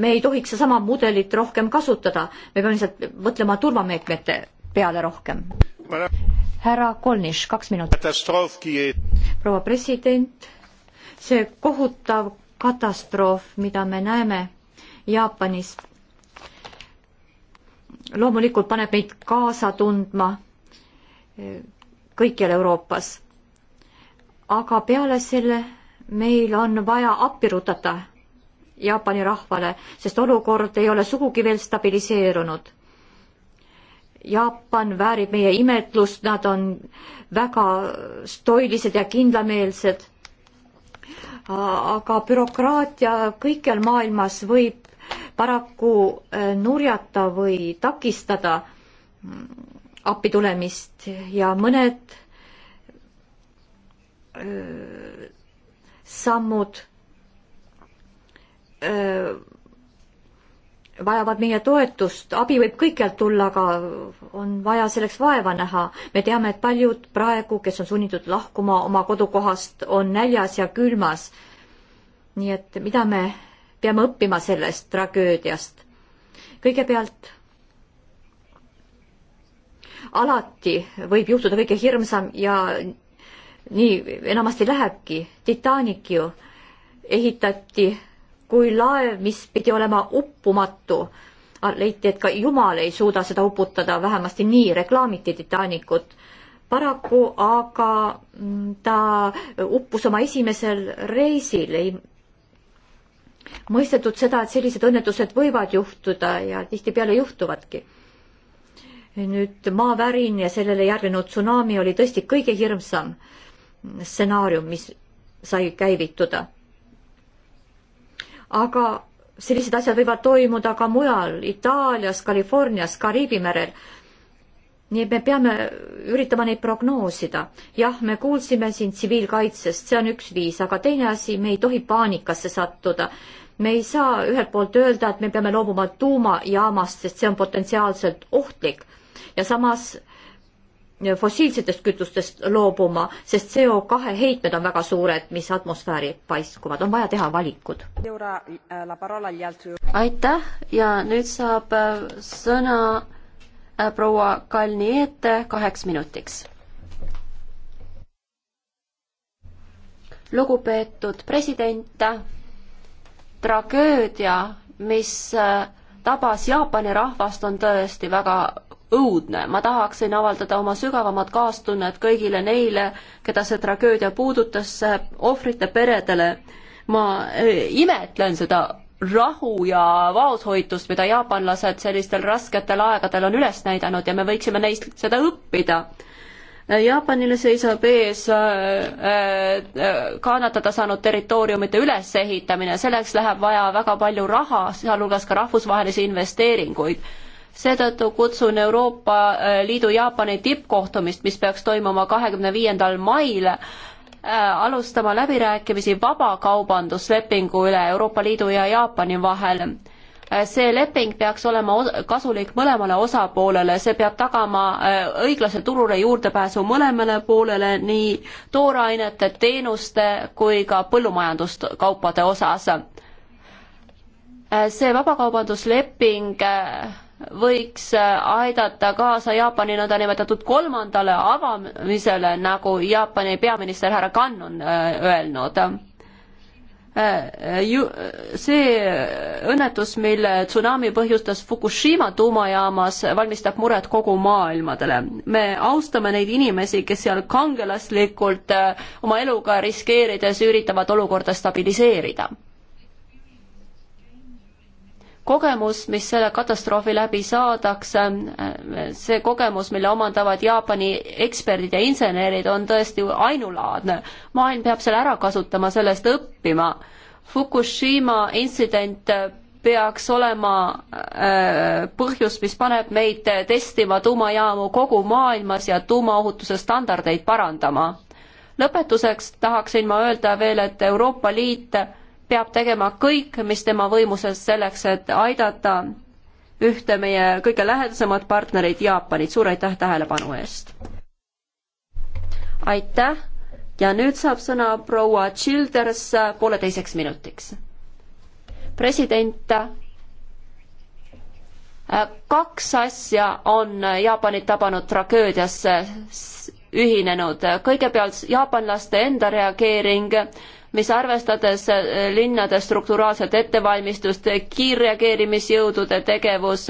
me ei tohiks sedasama mudelit rohkem kasutada, me peame lihtsalt mõtlema turvameetmete peale rohkem. härra Kolniš, kaks minutit. proua president, see kohutav katastroof, mida me näeme Jaapanis, loomulikult paneb meid kaasa tundma eh, kõikjal Euroopas aga peale selle meil on vaja appi rutata Jaapani rahvale, sest olukord ei ole sugugi veel stabiliseerunud. Jaapan väärib meie imetlust, nad on väga stoilised ja kindlameelsed. aga bürokraatia kõikjal maailmas võib paraku äh, nurjata või takistada mm, appi tulemist ja mõned sammud vajavad meie toetust, abi võib kõikjalt tulla, aga on vaja selleks vaeva näha. me teame, et paljud praegu, kes on sunnitud lahkuma oma kodukohast, on näljas ja külmas. nii et mida me peame õppima sellest tragöödiast? kõigepealt alati võib juhtuda kõige hirmsam ja nii enamasti lähebki. Titanic ju ehitati kui laev, mis pidi olema uppumatu. leiti, et ka Jumal ei suuda seda uputada, vähemasti nii reklaamiti Titanicut paraku aga mm, ta uppus oma esimesel reisil, ei mõistetud seda, et sellised õnnetused võivad juhtuda ja tihtipeale juhtuvadki. nüüd maavärin ja sellele järgnenud tsunami oli tõesti kõige hirmsam stsenaarium, mis sai käivituda. aga sellised asjad võivad toimuda ka mujal, Itaalias, Californias, Kariibi merel. nii et me peame üritama neid prognoosida. jah, me kuulsime siin tsiviilkaitsest, see on üks viis, aga teine asi, me ei tohi paanikasse sattuda. me ei saa ühelt poolt öelda, et me peame loobuma tuumajaamast, sest see on potentsiaalselt ohtlik ja samas fossiilsetest kütustest loobuma, sest CO kahe heitmed on väga suured, mis atmosfääri paiskuvad, on vaja teha valikud. aitäh ja nüüd saab äh, sõna äh, proua Kalniete kaheks minutiks. lugupeetud president, äh, tragöödia, mis tabas Jaapani rahvast, on tõesti väga õudne. ma tahaksin avaldada oma sügavamat kaastunnet kõigile neile, keda see tragöödia puudutas, ohvrite peredele. ma eh, imetlen seda rahu ja vaoshoitust, mida jaapanlased sellistel rasketel aegadel on üles näidanud ja me võiksime neist seda õppida. Eh, Jaapanile seisab ees eh, kannatada saanud territooriumite ülesehitamine, selleks läheb vaja väga palju raha, sealhulgas ka rahvusvahelisi investeeringuid seetõttu kutsun Euroopa äh, Liidu Jaapani tippkohtumist, mis peaks toimuma kahekümne viiendal mail, äh, alustama läbirääkimisi vabakaubanduslepingu üle Euroopa Liidu ja Jaapani vahel äh, see leping peaks olema kasulik mõlemale osapoolele, see peab tagama õiglase turule juurdepääsu mõlemale poolele nii toorainete, teenuste kui ka põllumajanduskaupade osas. see vabakaubandusleping võiks äh, aidata kaasa Jaapani nõndanimetatud kolmandale avamisele, nagu Jaapani peaminister härra Kan on äh, öelnud. Äh, ju-, see õnnetus, mille tsunami põhjustas Fukushima tuumajaamas, valmistab muret kogu maailmadele. me austame neid inimesi, kes seal kangelaslikult oma eluga riskeerides üritavad olukorda stabiliseerida kogemus, mis selle katastroofi läbi saadakse, see kogemus, mille omandavad Jaapani eksperdid ja insenerid, on tõesti ainulaadne. maailm peab selle ära kasutama, sellest õppima. Fukushima intsident peaks olema äh, põhjus, mis paneb meid testima tuumajaamu kogu maailmas ja tuumaohutuse standardeid parandama. lõpetuseks tahaksin ma öelda veel, et Euroopa Liit peab tegema kõik, mis tema võimuses selleks, et aidata ühte meie kõige lähedasemat partnerit Jaapanit. suur aitäh tähelepanu eest! aitäh ja nüüd saab sõna proua Childers pooleteiseks minutiks. president, kaks asja on Jaapanit tabanud tragöödiasse ühinenud. kõigepealt jaapanlaste enda reageering mis arvestades eh, linnade strukturaalset ettevalmistust, kiirreageerimisjõudude tegevus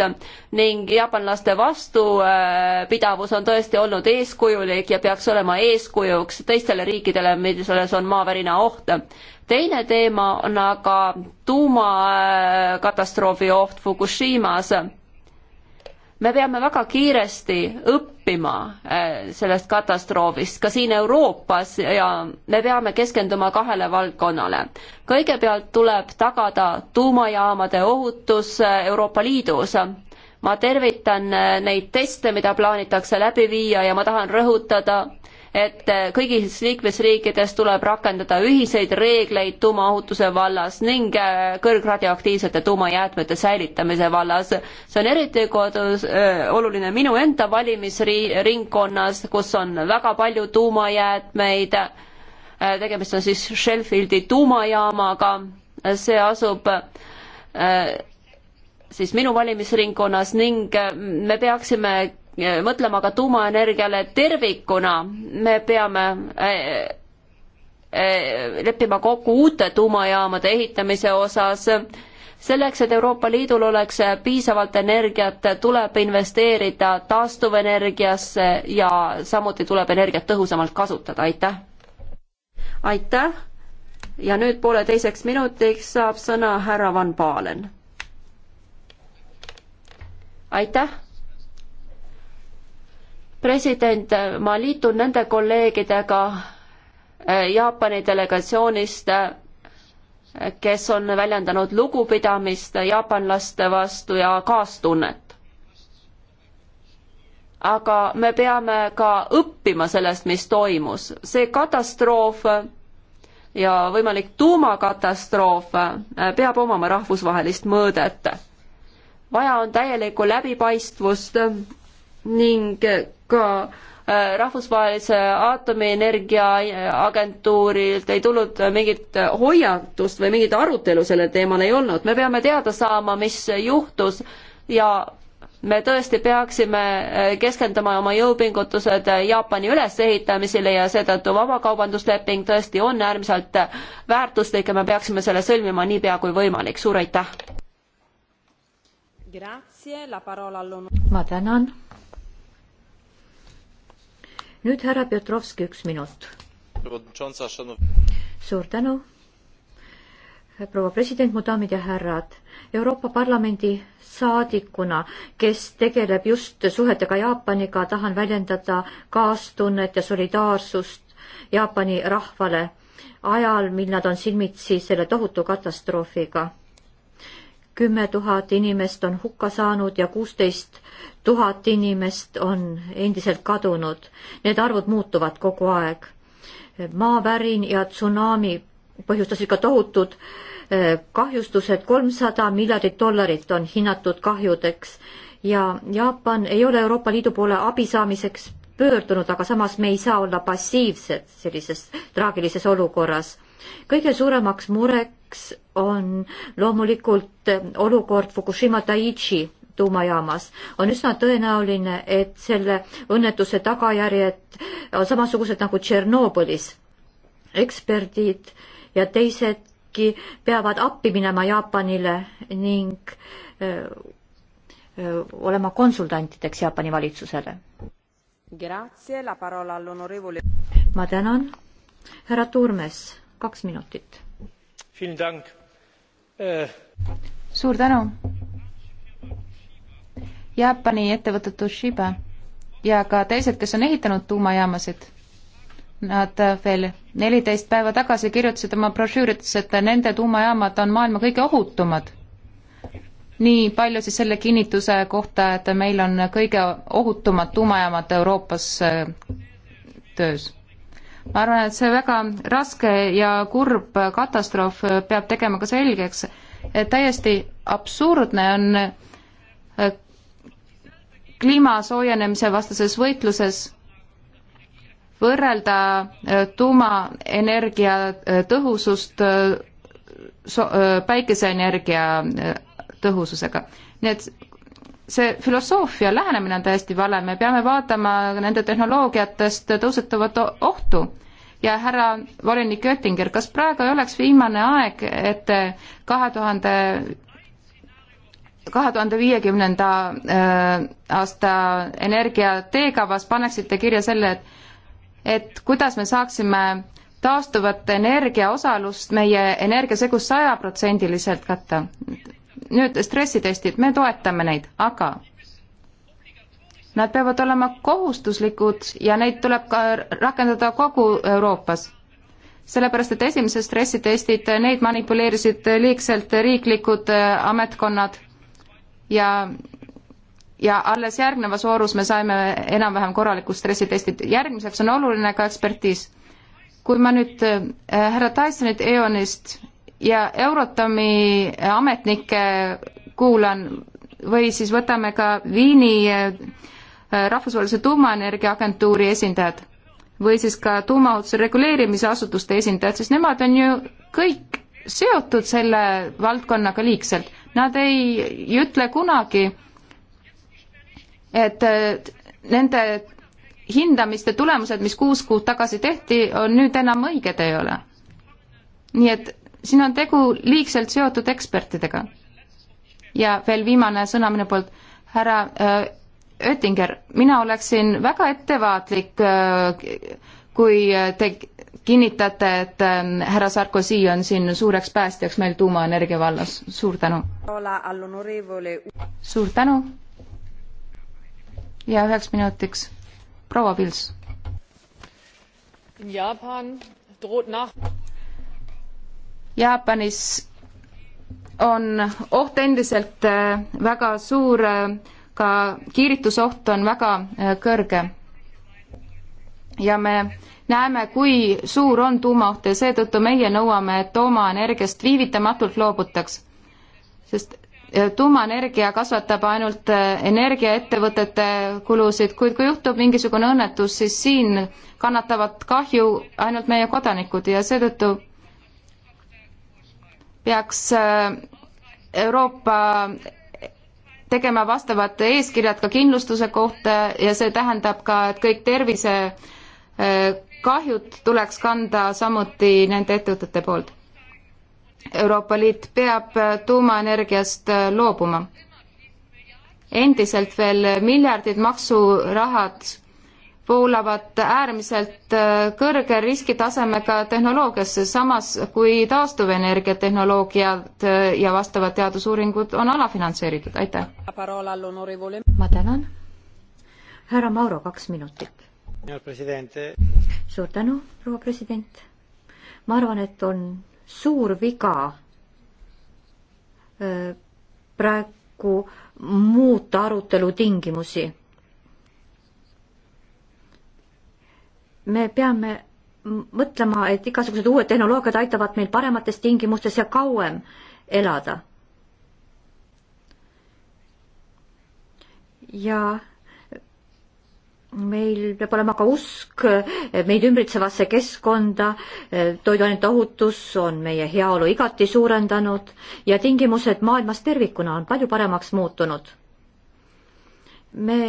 ning jaapanlaste vastupidavus on tõesti olnud eeskujulik ja peaks olema eeskujuks teistele riikidele, milles on maavärina oht. teine teema on aga tuumakatastroofi oht Fukushimas me peame väga kiiresti õppima äh, sellest katastroofist ka siin Euroopas ja me peame keskenduma kahele valdkonnale. kõigepealt tuleb tagada tuumajaamade ohutus äh, Euroopa Liidus. ma tervitan äh, neid teste, mida plaanitakse läbi viia ja ma tahan rõhutada, et äh, kõigis liikmesriikides tuleb rakendada ühiseid reegleid tuumaohutuse vallas ning äh, kõrgradioaktiivsete tuumajäätmete säilitamise vallas. see on eriti kodus äh, oluline minu enda valimisringkonnas, kus on väga palju tuumajäätmeid. Äh, tegemist on siis Sheffieldi tuumajaamaga, see asub äh, siis minu valimisringkonnas ning me peaksime mõtlema ka tuumaenergiale tervikuna, me peame äh, äh, leppima kokku uute tuumajaamade ehitamise osas. selleks, et Euroopa Liidul oleks piisavalt energiat, tuleb investeerida taastuvenergiasse ja samuti tuleb energiat tõhusamalt kasutada, aitäh! aitäh ja nüüd pooleteiseks minutiks saab sõna härra Van Baalen. aitäh! president, ma liitun nende kolleegidega eh, Jaapani delegatsioonist, eh, kes on väljendanud lugupidamist jaapanlaste vastu ja kaastunnet. aga me peame ka õppima sellest, mis toimus. see katastroof ja võimalik tuumakatastroof eh, peab omama rahvusvahelist mõõdet. vaja on täielikku läbipaistvust ning ka äh, rahvusvahelise aatomienergia äh, agentuurilt ei tulnud mingit hoiatust või mingit arutelu sellel teemal ei olnud. me peame teada saama, mis juhtus ja me tõesti peaksime äh, keskenduma oma jõupingutused Jaapani ülesehitamisele ja seetõttu vabakaubandusleping tõesti on äärmiselt väärtuslik ja me peaksime selle sõlmima niipea kui võimalik. suur aitäh! ma tänan nüüd härra Petrovski, üks minut. suur tänu. proua president, mu daamid ja härrad. Euroopa Parlamendi saadikuna, kes tegeleb just suhetega Jaapaniga, tahan väljendada kaastunnet ja solidaarsust Jaapani rahvale ajal, mil nad on silmitsi selle tohutu katastroofiga kümme tuhat inimest on hukka saanud ja kuusteist tuhat inimest on endiselt kadunud. Need arvud muutuvad kogu aeg. maavärin ja tsunami põhjustasid ka tohutud eh, kahjustused, kolmsada miljardit dollarit on hinnatud kahjudeks ja Jaapan ei ole Euroopa Liidu poole abi saamiseks pöördunud, aga samas me ei saa olla passiivsed sellises traagilises olukorras kõige suuremaks mureks on loomulikult olukord Fukushima Daiichi tuumajaamas. on üsna tõenäoline, et selle õnnetuse tagajärjed on samasugused nagu Tšernobõlis. eksperdid ja teisedki peavad appi minema Jaapanile ning öö, öö, olema konsultantideks Jaapani valitsusele. ma tänan, härra Turmes kaks minutit. Äh, suur tänu. Jaapani ettevõte Toshiba ja ka teised, kes on ehitanud tuumajaamasid, nad veel neliteist päeva tagasi kirjutasid oma brošüürides, et nende tuumajaamad on maailma kõige ohutumad nii palju siis selle kinnituse kohta, et meil on kõige ohutumad tuumajaamad Euroopas äh, töös ma arvan, et see väga raske ja kurb katastroof peab tegema ka selgeks, et täiesti absurdne on äh, kliima soojenemise vastases võitluses võrrelda äh, tuumaenergia äh, tõhusust so-, päikeseenergia tõhususega. nii et see filosoofia, lähenemine on täiesti vale, me peame vaatama nende tehnoloogiatest tõusetuvat ohtu. ja härra volinik Oettinger, kas praegu ei oleks viimane aeg, et kahe tuhande, kahe tuhande viiekümnenda äh, aasta energia teekavas paneksite kirja selle, et et kuidas me saaksime taastuvat energia osalust meie energiasegus sajaprotsendiliselt katta? Katta nüüd stressitestid, me toetame neid, aga nad peavad olema kohustuslikud ja neid tuleb ka rakendada kogu Euroopas. sellepärast, et esimesed stressitestid, neid manipuleerisid liigselt riiklikud äh, ametkonnad ja ja alles järgnevas voorus me saime enam-vähem korralikud stressitestid. järgmiseks on oluline ka ekspertiis. kui ma nüüd äh, härra Tysonit EONist ja Eurotami ametnikke kuulan või siis võtame ka Viini äh, rahvusvahelise tuumaenergia agentuuri esindajad või siis ka tuumaohutuse reguleerimise asutuste esindajad, siis nemad on ju kõik seotud selle valdkonnaga liigselt. Nad ei ütle kunagi, et nende hindamiste tulemused, mis kuus kuud tagasi tehti, on nüüd enam õiged ei ole. nii et siin on tegu liigselt seotud ekspertidega. ja veel viimane sõna minu poolt, härra äh, Oettinger, mina oleksin väga ettevaatlik, äh, kui te kinnitate, et ähm, härra Sarkozy on siin suureks päästjaks meil tuumaenergia vallas, suur tänu. suur tänu. ja üheks minutiks proua Pils. Jaapan droht nach Jaapanis on oht endiselt äh, väga suur, äh, ka kiiritusoht on väga äh, kõrge. ja me näeme, kui suur on tuumaoht ja seetõttu meie nõuame, et tuumaenergiast viivitamatult loobutaks. sest tuumaenergia kasvatab ainult energiaettevõtete kulusid, kuid kui juhtub mingisugune õnnetus, siis siin kannatavad kahju ainult meie kodanikud ja seetõttu peaks äh, Euroopa tegema vastavad eeskirjad ka kindlustuse kohta ja see tähendab ka, et kõik tervisekahjud äh, tuleks kanda samuti nende ettevõtete poolt. Euroopa Liit peab äh, tuumaenergiast loobuma. endiselt veel miljardid maksurahad voolavad äärmiselt äh, kõrge riskitasemega tehnoloogiasse, samas kui taastuvenergia tehnoloogiad äh, ja vastavad teadusuuringud on alafinantseeritud, aitäh. ma tänan. härra Mauro, kaks minutit. suur tänu, proua president. ma arvan, et on suur viga äh, praegu muuta arutelu tingimusi me peame mõtlema, et igasugused uued tehnoloogiad aitavad meil paremates tingimustes ja kauem elada. ja meil peab olema ka usk meid ümbritsevasse keskkonda, toiduainete ohutus on meie heaolu igati suurendanud ja tingimused maailmas tervikuna on palju paremaks muutunud. me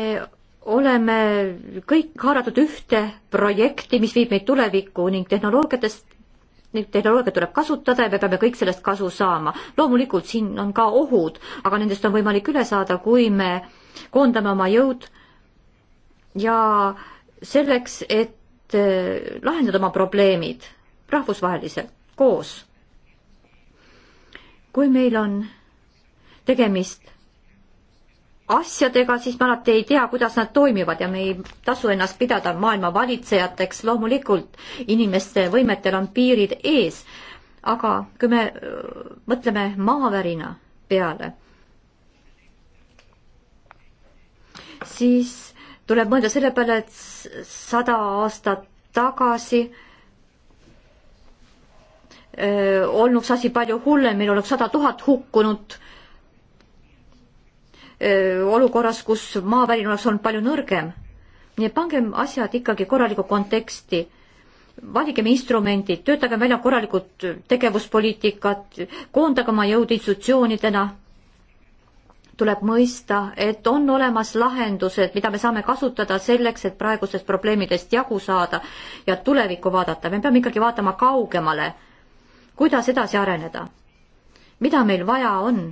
oleme kõik haaratud ühte projekti, mis viib meid tulevikku ning tehnoloogiatest, neid tehnoloogiaid tuleb kasutada ja me peame kõik sellest kasu saama. loomulikult siin on ka ohud, aga nendest on võimalik üle saada, kui me koondame oma jõud ja selleks, et äh, lahendada oma probleemid rahvusvaheliselt koos. kui meil on tegemist asjadega, siis me alati ei tea, kuidas nad toimivad ja me ei tasu ennast pidada maailma valitsejateks, loomulikult inimeste võimetel on piirid ees, aga kui me äh, mõtleme maavärina peale, siis tuleb mõelda selle peale, et sada aastat tagasi öö, äh, olnuks asi palju hullem, meil oleks sada tuhat hukkunut öö, olukorras, kus maavärin oleks olnud palju nõrgem. nii et pangem asjad ikkagi korralikku konteksti, valigem instrumendid, töötagem välja korralikud tegevuspoliitikat, koondage oma jõud institutsioonidena, tuleb mõista, et on olemas lahendused, mida me saame kasutada selleks, et praegustest probleemidest jagu saada ja tulevikku vaadata, me peame ikkagi vaatama kaugemale, kuidas edasi areneda, mida meil vaja on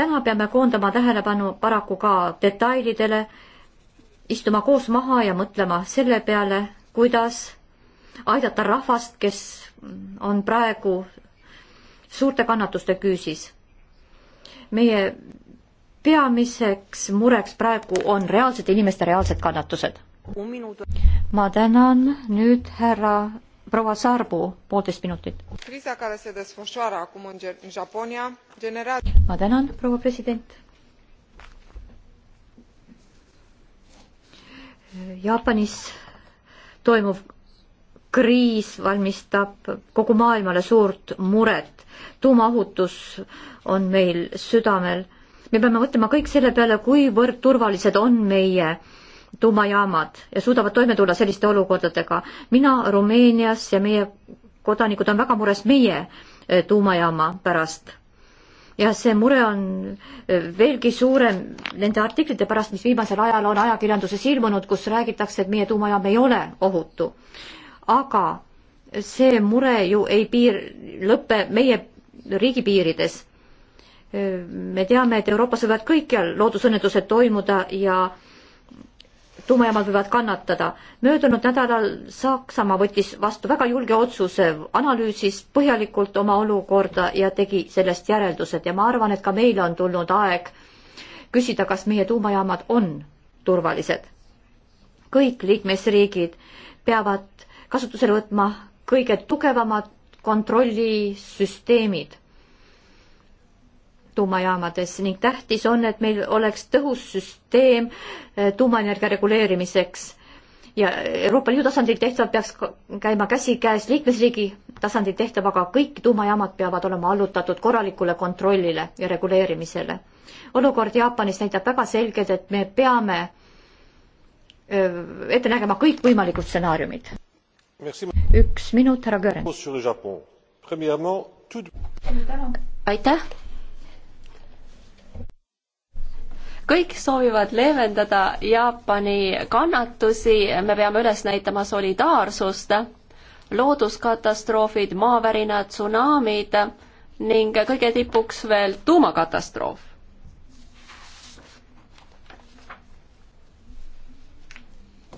täna peame koondama tähelepanu paraku ka detailidele, istuma koos maha ja mõtlema selle peale, kuidas aidata rahvast, kes on praegu suurte kannatuste küüsis. meie peamiseks mureks praegu on reaalsete inimeste reaalsed kannatused. ma tänan nüüd härra proua Sarbu, poolteist minutit. ma tänan, proua president. Jaapanis toimuv kriis valmistab kogu maailmale suurt muret. tuumaohutus on meil südamel. me peame mõtlema kõik selle peale, kuivõrd turvalised on meie äh, tuumajaamad ja suudavad toime tulla selliste olukordadega. mina Rumeenias ja meie kodanikud on väga mures meie e, tuumajaama pärast. ja see mure on e, veelgi suurem nende artiklite pärast, mis viimasel ajal on ajakirjanduses ilmunud, kus räägitakse, et meie tuumajaam ei ole ohutu. aga see mure ju ei piir, lõpe meie riigipiirides. E, me teame, et Euroopas võivad kõikjal loodusõnnetused toimuda ja äh, tuumajaamad võivad kannatada. möödunud nädalal Saksamaa võttis vastu väga julge otsuse, analüüsis põhjalikult oma olukorda ja tegi sellest järeldused ja ma arvan, et ka meile on tulnud aeg küsida, kas meie tuumajaamad on turvalised. kõik liikmesriigid peavad kasutusele võtma kõige tugevamad kontrollisüsteemid tuumajaamades ning tähtis on, et meil oleks tõhus süsteem eh, tuumaenergia reguleerimiseks ja Euroopa Liidu tasandil tehtav peaks käima käsikäes liikmesriigi tasandil tehtav, aga kõik tuumajaamad peavad olema allutatud korralikule kontrollile ja reguleerimisele. olukord Jaapanis näitab väga selgelt, et me peame eh, ette nägema kõikvõimalikud stsenaariumid. üks minut, härra Gören. aitäh kõik soovivad leevendada Jaapani kannatusi, me peame üles näitama solidaarsust. looduskatastroofid, maavärinad, tsunamid ning kõige tipuks veel tuumakatastroof.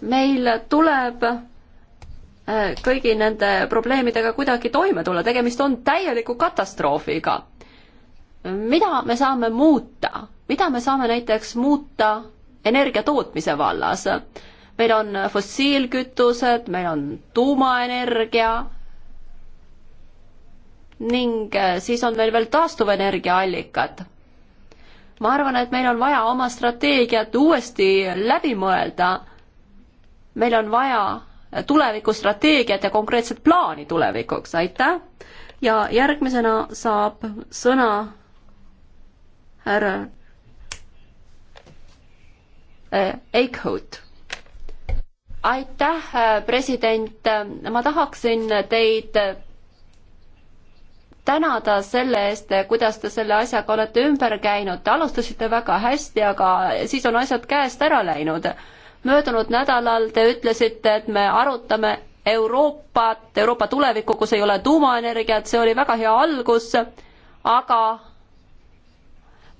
meil tuleb äh, kõigi nende probleemidega kuidagi toime tulla, tegemist on täieliku katastroofiga. mida me saame muuta? mida me saame näiteks muuta energia tootmise vallas? meil on fossiilkütused, meil on tuumaenergia ning äh, siis on meil veel taastuvenergiaallikad. ma arvan, et meil on vaja oma strateegiat uuesti läbi mõelda. meil on vaja tulevikustrateegiat ja konkreetset plaani tulevikuks, aitäh. ja järgmisena saab sõna härra Äh, Eichhout. aitäh, äh, president, ma tahaksin teid äh, tänada selle eest, kuidas te selle asjaga olete ümber käinud, te alustasite väga hästi, aga siis on asjad käest ära läinud. möödunud nädalal te ütlesite, et me arutame Euroopat, Euroopa tulevikku, kus ei ole tuumaenergiat, see oli väga hea algus, aga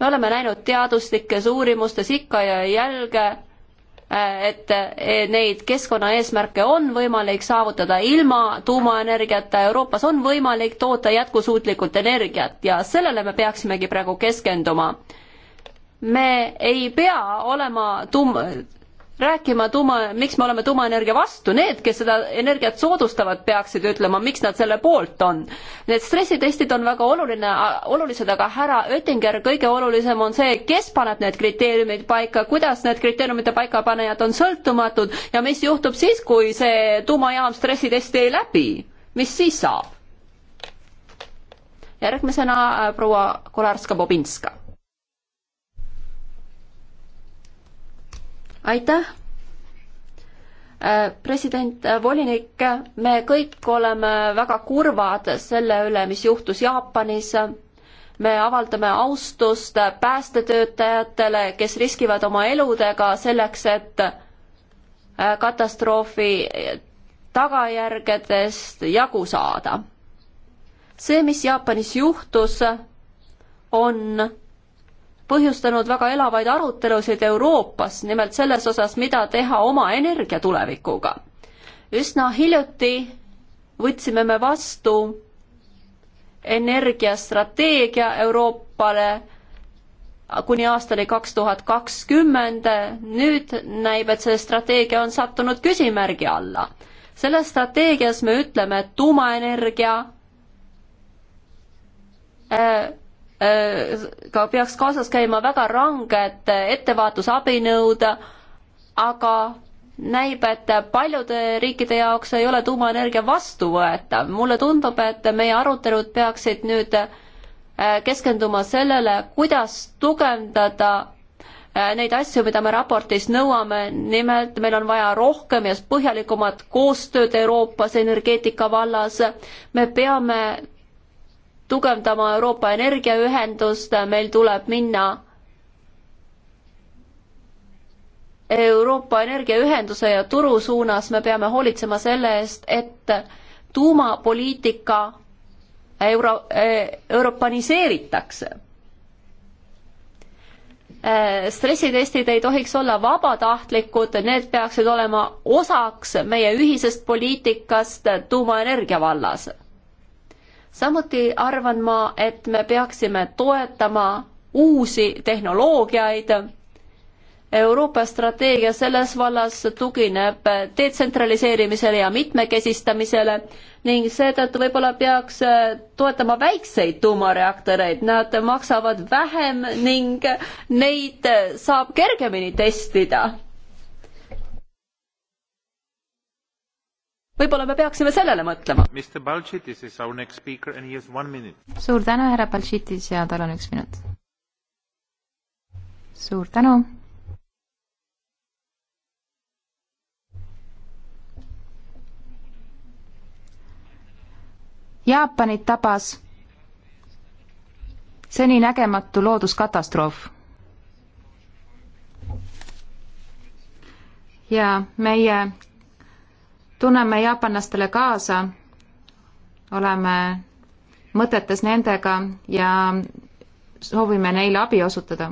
me oleme näinud teaduslikes uurimustes ikka ja jälge, äh, et e, neid keskkonnaeesmärke on võimalik saavutada ilma tuumaenergiata, Euroopas on võimalik toota jätkusuutlikult energiat ja sellele me peaksimegi praegu keskenduma. me ei pea olema tuum-, rääkima tuuma, miks me oleme tuumaenergia vastu, need, kes seda energiat soodustavad, peaksid ütlema, miks nad selle poolt on. Need stressitestid on väga oluline, olulised, aga härra Oettinger, kõige olulisem on see, kes paneb need kriteeriumid paika, kuidas need kriteeriumite paikapanejad on sõltumatud ja mis juhtub siis, kui see tuumajaam stressitesti ei läbi, mis siis saab? järgmisena äh, proua Kolarska-Bobinska aitäh! Äh, president, äh, volinik, äh, me kõik oleme väga kurvad selle üle, mis juhtus Jaapanis. me avaldame austust päästetöötajatele, kes riskivad oma eludega selleks, et katastroofi tagajärgedest jagu saada. see, mis Jaapanis juhtus, on põhjustanud väga elavaid arutelusid Euroopas, nimelt selles osas, mida teha oma energia tulevikuga. üsna hiljuti võtsime me vastu energiastrateegia Euroopale kuni aastani kaks tuhat kakskümmend. nüüd näib, et see strateegia on sattunud küsimärgi alla. selles strateegias me ütleme, et tuumaenergia äh, ka peaks kaasas käima väga ranged ettevaatusabinõud, aga näib, et paljude riikide jaoks ei ole tuumaenergia vastuvõetav. mulle tundub, et meie arutelud peaksid nüüd äh, keskenduma sellele, kuidas tugevdada äh, neid asju, mida me raportis nõuame, nimelt meil on vaja rohkem ja põhjalikumat koostööd Euroopas energeetika vallas. me peame tugevdama Euroopa energiaühendust, meil tuleb minna Euroopa energiaühenduse ja turu suunas, me peame hoolitsema selle eest, et tuumapoliitika euro-, e, europaniseeritakse e, stressitestid ei tohiks olla vabatahtlikud, need peaksid olema osaks meie ühisest poliitikast tuumaenergia vallas samuti arvan ma, et me peaksime toetama uusi tehnoloogiaid. Euroopa strateegia selles vallas tugineb detsentraliseerimisele ja mitmekesistamisele ning seetõttu võib-olla peaks toetama väikseid tuumareaktoreid, nad maksavad vähem ning neid saab kergemini testida võib-olla me peaksime sellele mõtlema. suur tänu, härra Baltšitis ja tal on üks minut. suur tänu. Jaapanit tabas seninägematu looduskatastroof. ja meie tunneme jaapanlastele kaasa, oleme mõtetes nendega ja soovime neile abi osutada.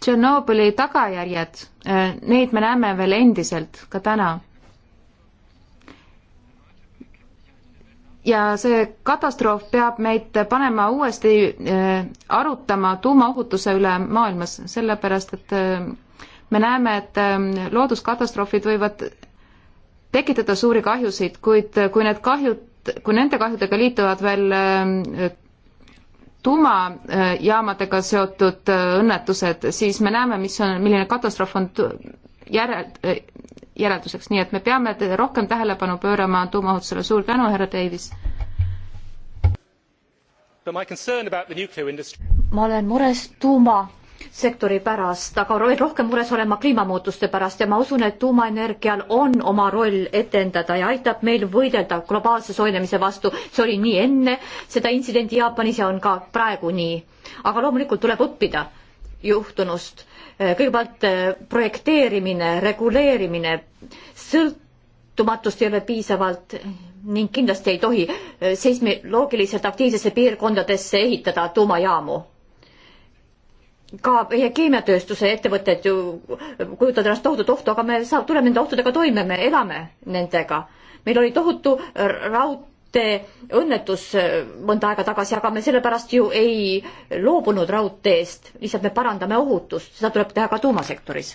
Tšernobõli tagajärjed, neid me näeme veel endiselt ka täna ja see katastroof peab meid panema uuesti eh, arutama tuumaohutuse üle maailmas, sellepärast et eh, me näeme, et eh, looduskatastroofid võivad tekitada suuri kahjusid, kuid kui need kahjud, kui nende kahjudega liituvad veel äh, tuumajaamadega seotud äh, õnnetused, siis me näeme, mis on, milline katastroof on järel, äh, järelduseks, nii et me peame rohkem tähelepanu pöörama tuumaohutusele, suur tänu, härra Davis. ma olen mures tuuma sektori pärast, aga veel rohkem mures olen ma kliimamuutuste pärast ja ma usun, et tuumaenergial on oma roll etendada ja aitab meil võidelda globaalse soojenemise vastu. see oli nii enne seda intsidenti Jaapanis ja on ka praegu nii. aga loomulikult tuleb õppida juhtunust. kõigepealt eh, projekteerimine, reguleerimine, sõltumatust ei ole piisavalt ning kindlasti ei tohi eh, seismiloogiliselt aktiivsesse piirkondadesse ehitada tuumajaamu ka meie keemiatööstuse ettevõtted ju kujutavad ennast tohutut ohtu, aga me saab, tuleme nende ohtudega toime, me elame nendega. meil oli tohutu raudteeõnnetus äh, mõnda aega tagasi, aga me sellepärast ju ei loobunud raudteest, lihtsalt me parandame ohutust, seda tuleb teha ka tuumasektoris.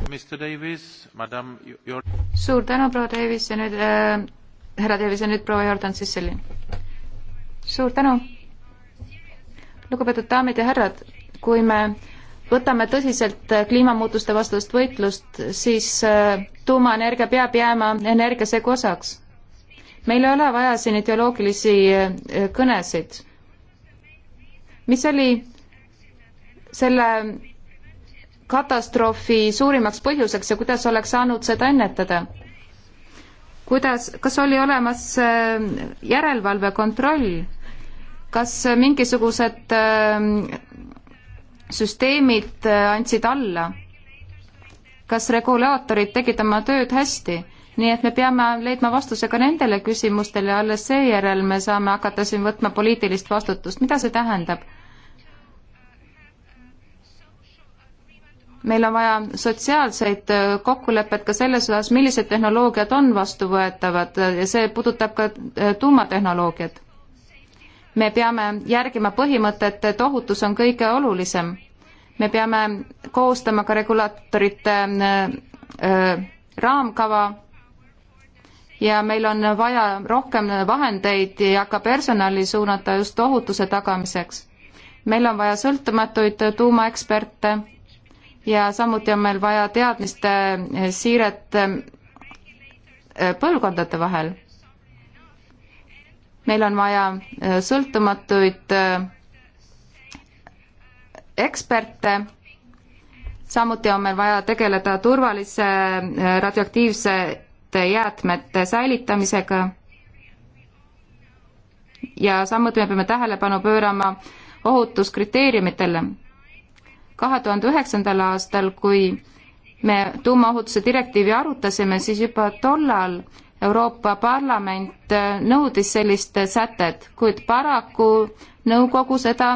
Your... suur tänu, proua Davis ja nüüd äh, härra Davis ja nüüd proua Jordan Sisseli. suur tänu. lugupeetud daamid ja härrad, kui me võtame tõsiselt äh, kliimamuutuste vastast võitlust, siis äh, tuumaenergia peab jääma energiasegu osaks. meil ei ole vaja siin ideoloogilisi äh, kõnesid. mis oli selle katastroofi suurimaks põhjuseks ja kuidas oleks saanud seda ennetada? kuidas, kas oli olemas järelevalve kontroll? kas mingisugused süsteemid äh, andsid alla? kas regulaatorid tegid oma tööd hästi? nii et me peame leidma vastuse ka nendele küsimustele ja alles seejärel me saame hakata siin võtma poliitilist vastutust. mida see tähendab? meil on vaja sotsiaalseid äh, kokkulepet ka selles osas, millised tehnoloogiad on vastuvõetavad äh, ja see puudutab ka tuumatehnoloogiat me peame järgima põhimõtet, et ohutus on kõige olulisem. me peame koostama ka regulaatorite äh, äh, raamkava ja meil on vaja rohkem vahendeid ja ka personali suunata just ohutuse tagamiseks. meil on vaja sõltumatuid tuumaeksperte ja samuti on meil vaja teadmiste siiret äh, põlvkondade vahel meil on vaja äh, sõltumatuid äh, eksperte, samuti on meil vaja tegeleda turvalise äh, radioaktiivsete jäätmete säilitamisega ja samuti me peame tähelepanu pöörama ohutuskriteeriumitele. kahe tuhande üheksandal aastal, kui me tuumaohutuse direktiivi arutasime, siis juba tollal Euroopa Parlament äh, nõudis sellist sätet, kuid paraku nõukogu seda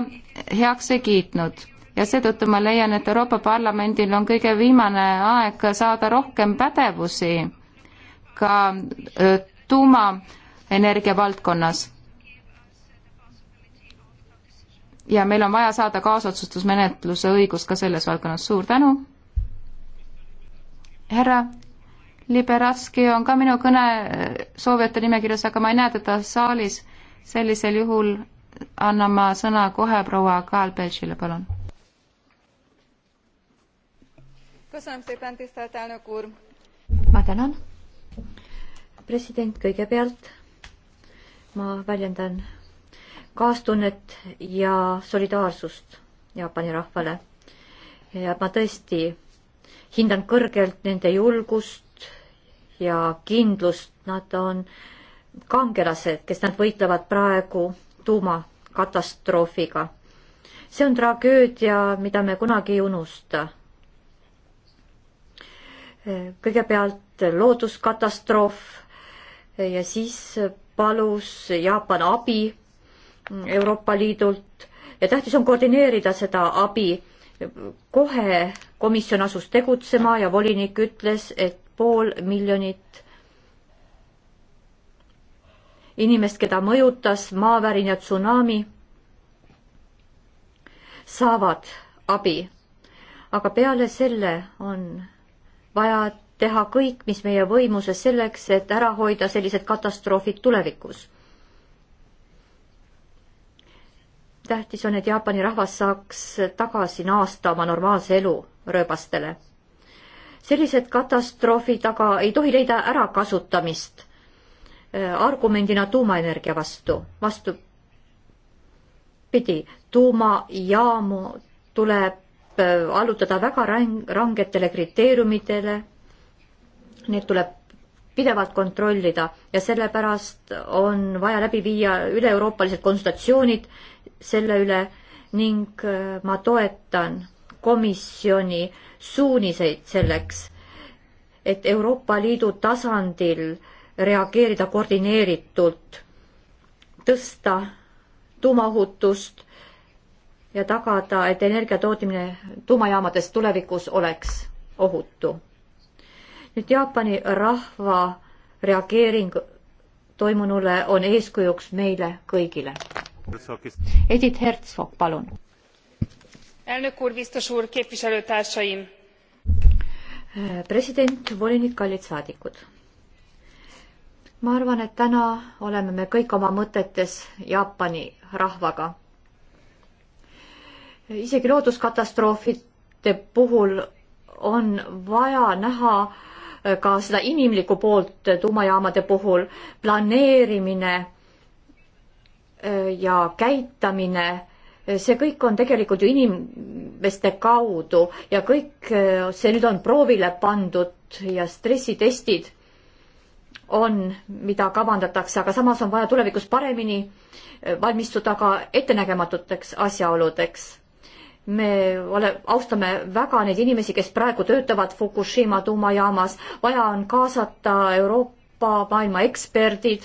heaks ei kiitnud ja seetõttu ma leian, et Euroopa Parlamendil on kõige viimane aeg saada rohkem pädevusi ka äh, tuumaenergia valdkonnas. ja meil on vaja saada kaasotsustusmenetluse õigus ka selles valdkonnas, suur tänu. härra Liberaski on ka minu kõne soovijate nimekirjas, aga ma ei näe teda saalis. sellisel juhul annan ma sõna kohe proua Kalbelšile, palun. ma tänan. president, kõigepealt ma väljendan kaastunnet ja solidaarsust Jaapani rahvale. ja ma tõesti hindan kõrgelt nende julgust ja kindlust, nad on kangelased, kes nad võitlevad praegu tuumakatastroofiga. see on tragöödia, mida me kunagi ei unusta. kõigepealt looduskatastroof ja siis palus Jaapan abi Euroopa Liidult ja tähtis on koordineerida seda abi. kohe komisjon asus tegutsema ja volinik ütles, et pool miljonit inimest, keda mõjutas maavärin ja tsunami, saavad abi. aga peale selle on vaja teha kõik, mis meie võimuses selleks, et ära hoida sellised katastroofid tulevikus. tähtis on, et Jaapani rahvas saaks tagasi naasta oma normaalse elu rööbastele sellised katastroofid aga ei tohi leida ärakasutamist äh, argumendina tuumaenergia vastu. vastupidi, tuumajaamu tuleb äh, allutada väga rang-, rangetele kriteeriumidele. Need tuleb pidevalt kontrollida ja sellepärast on vaja läbi viia üle-euroopalised konsultatsioonid selle üle ning äh, ma toetan komisjoni suuniseid selleks, et Euroopa Liidu tasandil reageerida koordineeritult, tõsta tuumaohutust ja tagada, et energia tootmine tuumajaamades tulevikus oleks ohutu. nüüd Jaapani rahva reageering toimunule on eeskujuks meile kõigile. Edith Herzog, palun elnök úr biztos úr képviselőtársaim! president volinik kallid saadikud! ma arvan et täna oleme me kõik oma mõtetes jaapani rahvaga. isegi looduskatastroofide puhul on vaja näha ka seda inimlikku poolt tuumajaamade puhul planeerimine äh, ja käitamine see kõik on tegelikult ju inimeste kaudu ja kõik see nüüd on proovile pandud ja stressitestid on, mida kavandatakse, aga samas on vaja tulevikus paremini valmistuda ka ettenägematuteks asjaoludeks. me ole, austame väga neid inimesi, kes praegu töötavad Fukushima tuumajaamas, vaja on kaasata Euroopa maailma eksperdid.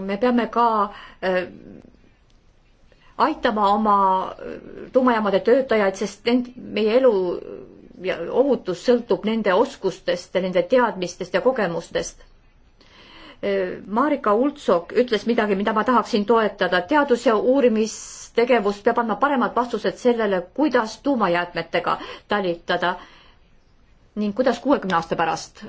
me peame ka äh, aitama oma tuumajaamade töötajaid, sest nend-, meie elu ja ohutus sõltub nende oskustest ja nende teadmistest ja kogemustest. Marika Ultsok ütles midagi, mida ma tahaksin toetada. teadus- ja uurimistegevus peab andma paremad vastused sellele, kuidas tuumajäätmetega talitada ning kuidas kuuekümne aasta pärast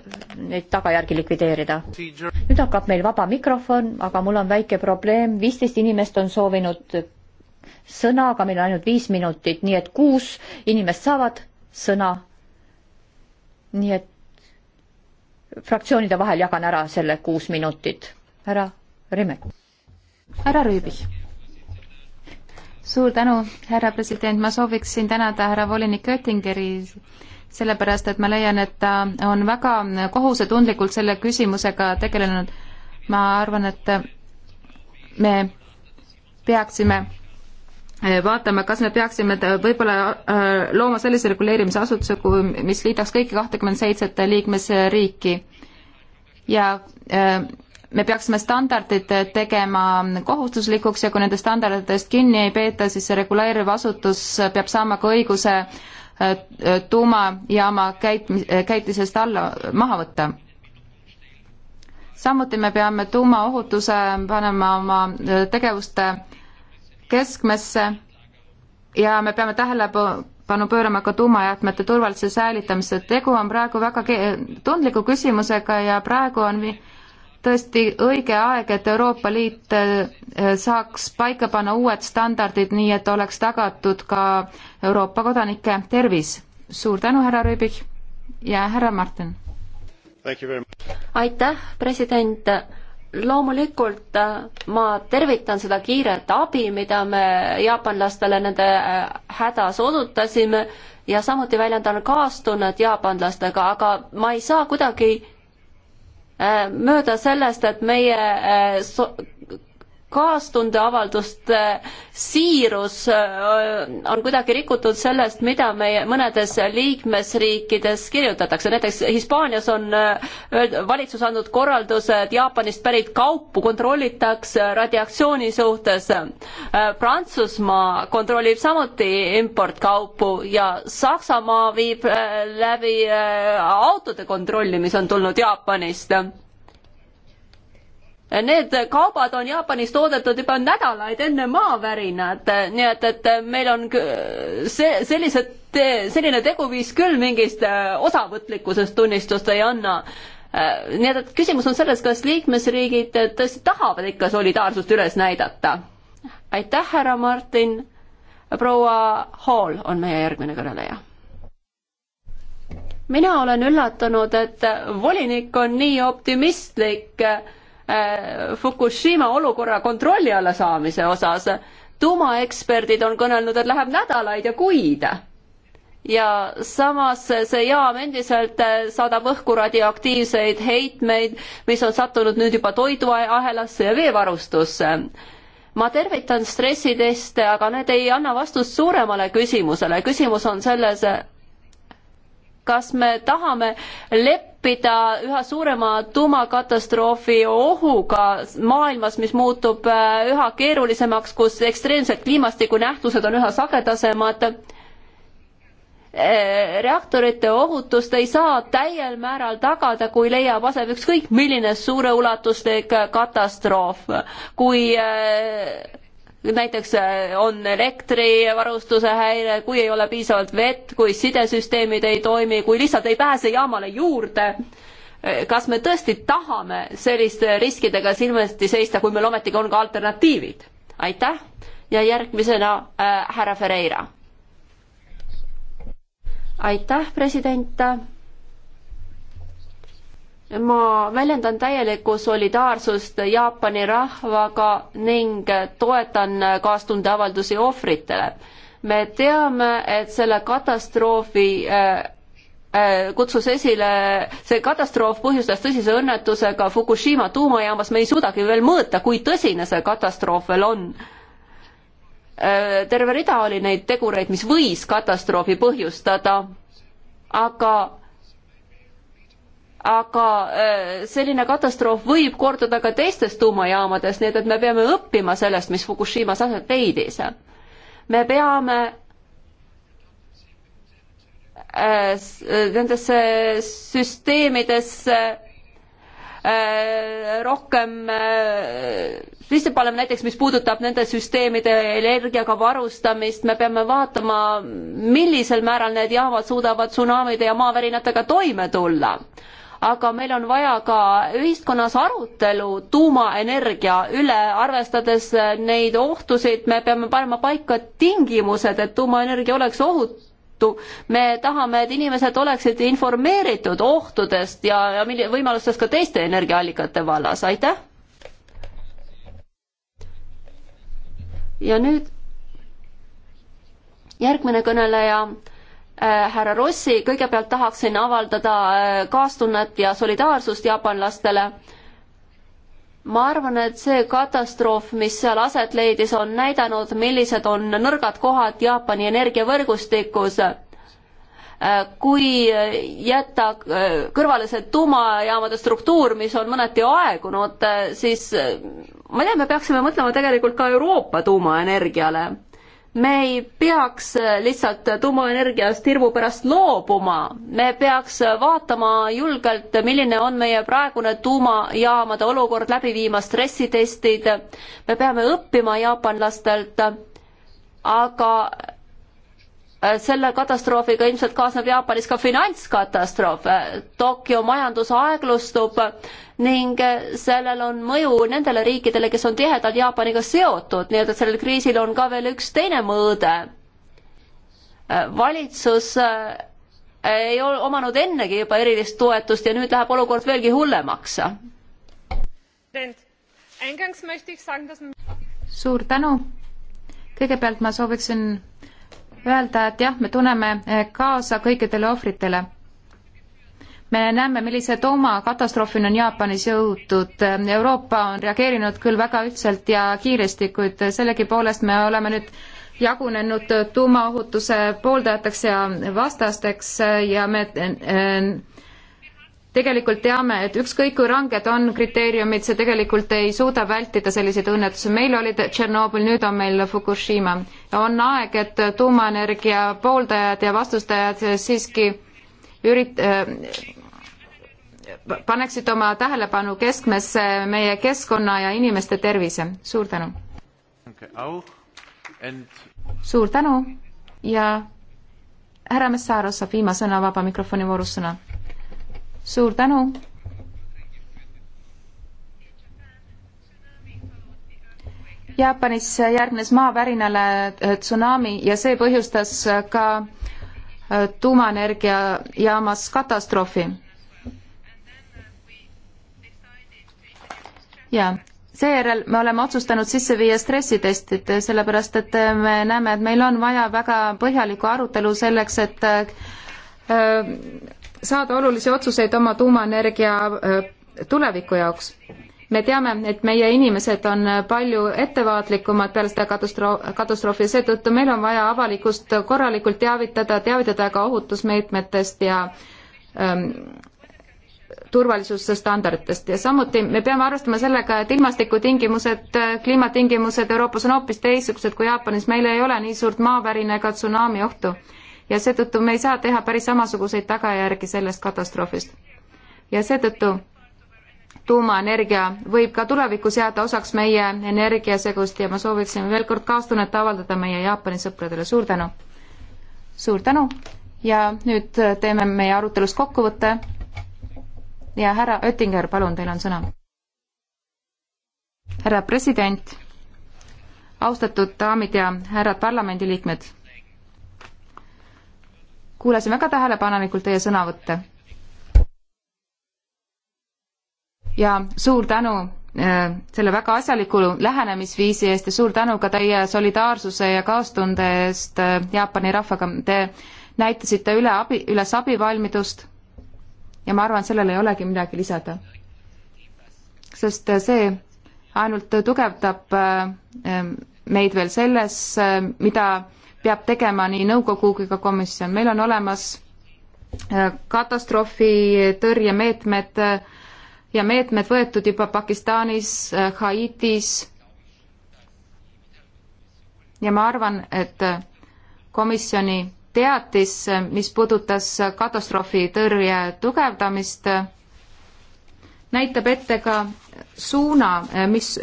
neid tagajärgi likvideerida. nüüd hakkab meil vaba mikrofon, aga mul on väike probleem, viisteist inimest on soovinud sõna, aga meil on ainult viis minutit, nii et kuus inimest saavad sõna. nii et fraktsioonide vahel jagan ära selle kuus minutit. härra Remek. härra Rüübich suur tänu, härra president, ma sooviksin tänada härra volinik Oettingeri sellepärast, et ma leian, et ta on väga kohusetundlikult selle küsimusega tegelenud. ma arvan, et me peaksime Eh, vaatame, kas me peaksime võib-olla eh, looma sellise reguleerimise asutuse, mis liidaks kõiki kahtekümmet seitset liikmesriiki ja eh, me peaksime standardid tegema kohustuslikuks ja kui nendest standarditest kinni ei peeta, siis see reguleeriv asutus peab saama ka õiguse tuumajaama käit-, käitlisest alla, maha võtta. samuti me peame tuumaohutuse panema oma tegevuste keskmesse ja me peame tähelepanu pöörama ka tuumajäätmete turvalise säilitamise. tegu on praegu väga tundliku küsimusega ja praegu on tõesti õige aeg, et Euroopa Liit äh, saaks paika panna uued standardid, nii et oleks tagatud ka Euroopa kodanike tervis. suur tänu, härra Rüübik ja härra Martin! aitäh, president! loomulikult äh, ma tervitan seda kiiret abi, mida me jaapanlastele nende äh, hädas osutasime ja samuti väljendan kaastunnet jaapanlastega, aga ma ei saa kuidagi äh, mööda sellest, et meie kaastundeavalduste siirus äh, on kuidagi rikutud sellest, mida meie mõnedes liikmesriikides kirjutatakse, näiteks Hispaanias on äh, valitsus andnud korralduse, et Jaapanist pärit kaupu kontrollitakse äh, radiatsiooni suhtes. Prantsusmaa kontrollib samuti importkaupu ja Saksamaa viib läbi autode kontrolli, mis on tulnud Jaapanist Need kaubad on Jaapanis toodetud juba nädalaid enne maavärinat, nii et, et meil on see, sellised, selline teguviis küll mingist äh, osavõtlikkusest tunnistust ei anna äh, nii et, et küsimus on selles, kas liikmesriigid tõesti tahavad ikka solidaarsust üles näidata. aitäh, härra Martin. proua Hall on meie järgmine kõneleja. mina olen üllatunud, et volinik on nii optimistlik Äh, Fukushima olukorra kontrolli alla saamise osas. tuumaeksperdid on kõnelnud, et läheb nädalaid ja kuid. ja samas see jaam endiselt äh, saadab õhku radioaktiivseid heitmeid, mis on sattunud nüüd juba toiduahelasse ja veevarustusse ma tervitan stressiteste, aga need ei anna vastust suuremale küsimusele. küsimus on selles, kas me tahame leppida üha suurema tuumakatastroofi ohuga maailmas, mis muutub äh, üha keerulisemaks, kus ekstreemsed kliimastikunähtused on üha sagedasemad. Äh, reaktorite ohutust ei saa täiel määral tagada, kui leiab aset ükskõik milline suureulatuslik äh, katastroof, kui näiteks äh, on elektrivarustuse häire, kui ei ole piisavalt vett, kui sidesüsteemid ei toimi, kui lihtsalt ei pääse jaamale juurde. Äh, kas me tõesti tahame selliste riskidega silmesti seista, kui meil ometigi on ka alternatiivid? aitäh ja järgmisena äh, härra Ferreira. aitäh, president ma väljendan täielikku solidaarsust Jaapani rahvaga ning toetan kaastundeavaldusi ohvritele. me teame, et selle katastroofi äh, äh, kutsus esile, see katastroof põhjustas tõsise õnnetusega Fukushima tuumajaamas, me ei suudagi veel mõõta, kui tõsine see katastroof veel on. Äh, terve rida oli neid tegureid, mis võis katastroofi põhjustada, aga aga äh, selline katastroof võib korduda ka teistes tuumajaamades, nii et, et me peame õppima sellest, mis Fukushimas aset leidis. me peame äh, nendesse süsteemidesse äh, rohkem sisse panema, näiteks mis puudutab nende süsteemide energiaga varustamist, me peame vaatama, millisel määral need jaamad suudavad tsunamide ja maavärinatega toime tulla aga meil on vaja ka ühiskonnas arutelu tuumaenergia üle, arvestades neid ohtusid, me peame panema paika tingimused, et tuumaenergia oleks ohutu me tahame, et inimesed oleksid informeeritud ohtudest ja, ja mille, võimalustest ka teiste energiaallikate vallas, aitäh! ja nüüd järgmine kõneleja Äh, härra Rossi, kõigepealt tahaksin avaldada äh, kaastunnet ja solidaarsust jaapanlastele. ma arvan, et see katastroof, mis seal aset leidis, on näidanud, millised on nõrgad kohad Jaapani energiavõrgustikus äh, kui jätta kõrvale see tuumajaamade struktuur, mis on mõneti aegunud, siis ma ei tea, me peaksime mõtlema tegelikult ka Euroopa tuumaenergiale me ei peaks lihtsalt tuumaenergiast hirmu pärast loobuma, me peaks vaatama julgelt, milline on meie praegune tuumajaamade olukord, läbi viima stressitestid, me peame õppima jaapanlastelt, aga selle katastroofiga ilmselt kaasneb Jaapanis ka finantskatastroof. Tokyo majandus aeglustub ning eh, sellel on mõju nendele riikidele, kes on tihedalt Jaapaniga seotud, nii et sellel kriisil on ka veel üks teine mõõde. Eh, valitsus eh, ei omanud ennegi juba erilist toetust ja nüüd läheb olukord veelgi hullemaks. suur tänu. kõigepealt ma sooviksin öelda, et jah, me tunneme kaasa kõikidele ohvritele me näeme, millise tuumakatastroofini on Jaapanis jõutud. Euroopa on reageerinud küll väga ühtselt ja kiiresti, kuid sellegipoolest me oleme nüüd jagunenud tuumaohutuse pooldajateks ja vastasteks ja me tegelikult teame, et ükskõik kui ranged on kriteeriumid, see tegelikult ei suuda vältida selliseid õnnetusi. meil oli Tšernobõl, nüüd on meil Fukushima. on aeg, et tuumaenergia pooldajad ja vastustajad siiski ürit-, paneksid oma tähelepanu keskmesse meie keskkonna ja inimeste tervise. suur tänu! suur tänu ja härra Messaros saab viimasena vaba mikrofoni voorus sõna. suur tänu! Jaapanis järgnes maavärinale tsunami ja see põhjustas ka tuumaenergiajaamas katastroofi ja seejärel me oleme otsustanud sisse viia stressitestid, sellepärast et me näeme, et meil on vaja väga põhjalikku arutelu selleks, et äh, saada olulisi otsuseid oma tuumaenergia äh, tuleviku jaoks. me teame, et meie inimesed on palju ettevaatlikumad peale seda katastroof, katastroofi ja seetõttu meil on vaja avalikkust korralikult teavitada, teavitada ka ohutusmeetmetest ja ähm, turvalisuse standarditest ja samuti me peame arvestama sellega, et ilmastikutingimused, äh, kliimatingimused Euroopas on hoopis teistsugused kui Jaapanis, meil ei ole nii suurt maavärina ega tsunami ohtu. ja seetõttu me ei saa teha päris samasuguseid tagajärgi sellest katastroofist. ja seetõttu tuumaenergia võib ka tulevikus jääda osaks meie energiasegust ja ma sooviksin veel kord kaastunnet avaldada meie Jaapani sõpradele, suur tänu! suur tänu ja nüüd äh, teeme meie arutelust kokkuvõtte ja härra Oettinger, palun, teil on sõna. härra president, austatud daamid ja härrad parlamendiliikmed, kuulasin väga tähelepanelikult teie sõnavõtte. ja suur tänu äh, selle väga asjaliku lähenemisviisi eest ja suur tänu ka teie solidaarsuse ja kaastunde eest äh, Jaapani rahvaga. Te näitasite üle abi, üles abivalmidust ja ma arvan, sellele ei olegi midagi lisada. sest see ainult tugevdab äh, meid veel selles, äh, mida peab tegema nii nõukogu kui ka komisjon. meil on olemas äh, katastroofitõrjemeetmed ja meetmed võetud juba Pakistanis, Haitis. ja ma arvan, et komisjoni teatis, mis puudutas katastroofitõrje tugevdamist, näitab ette ka suuna, mis,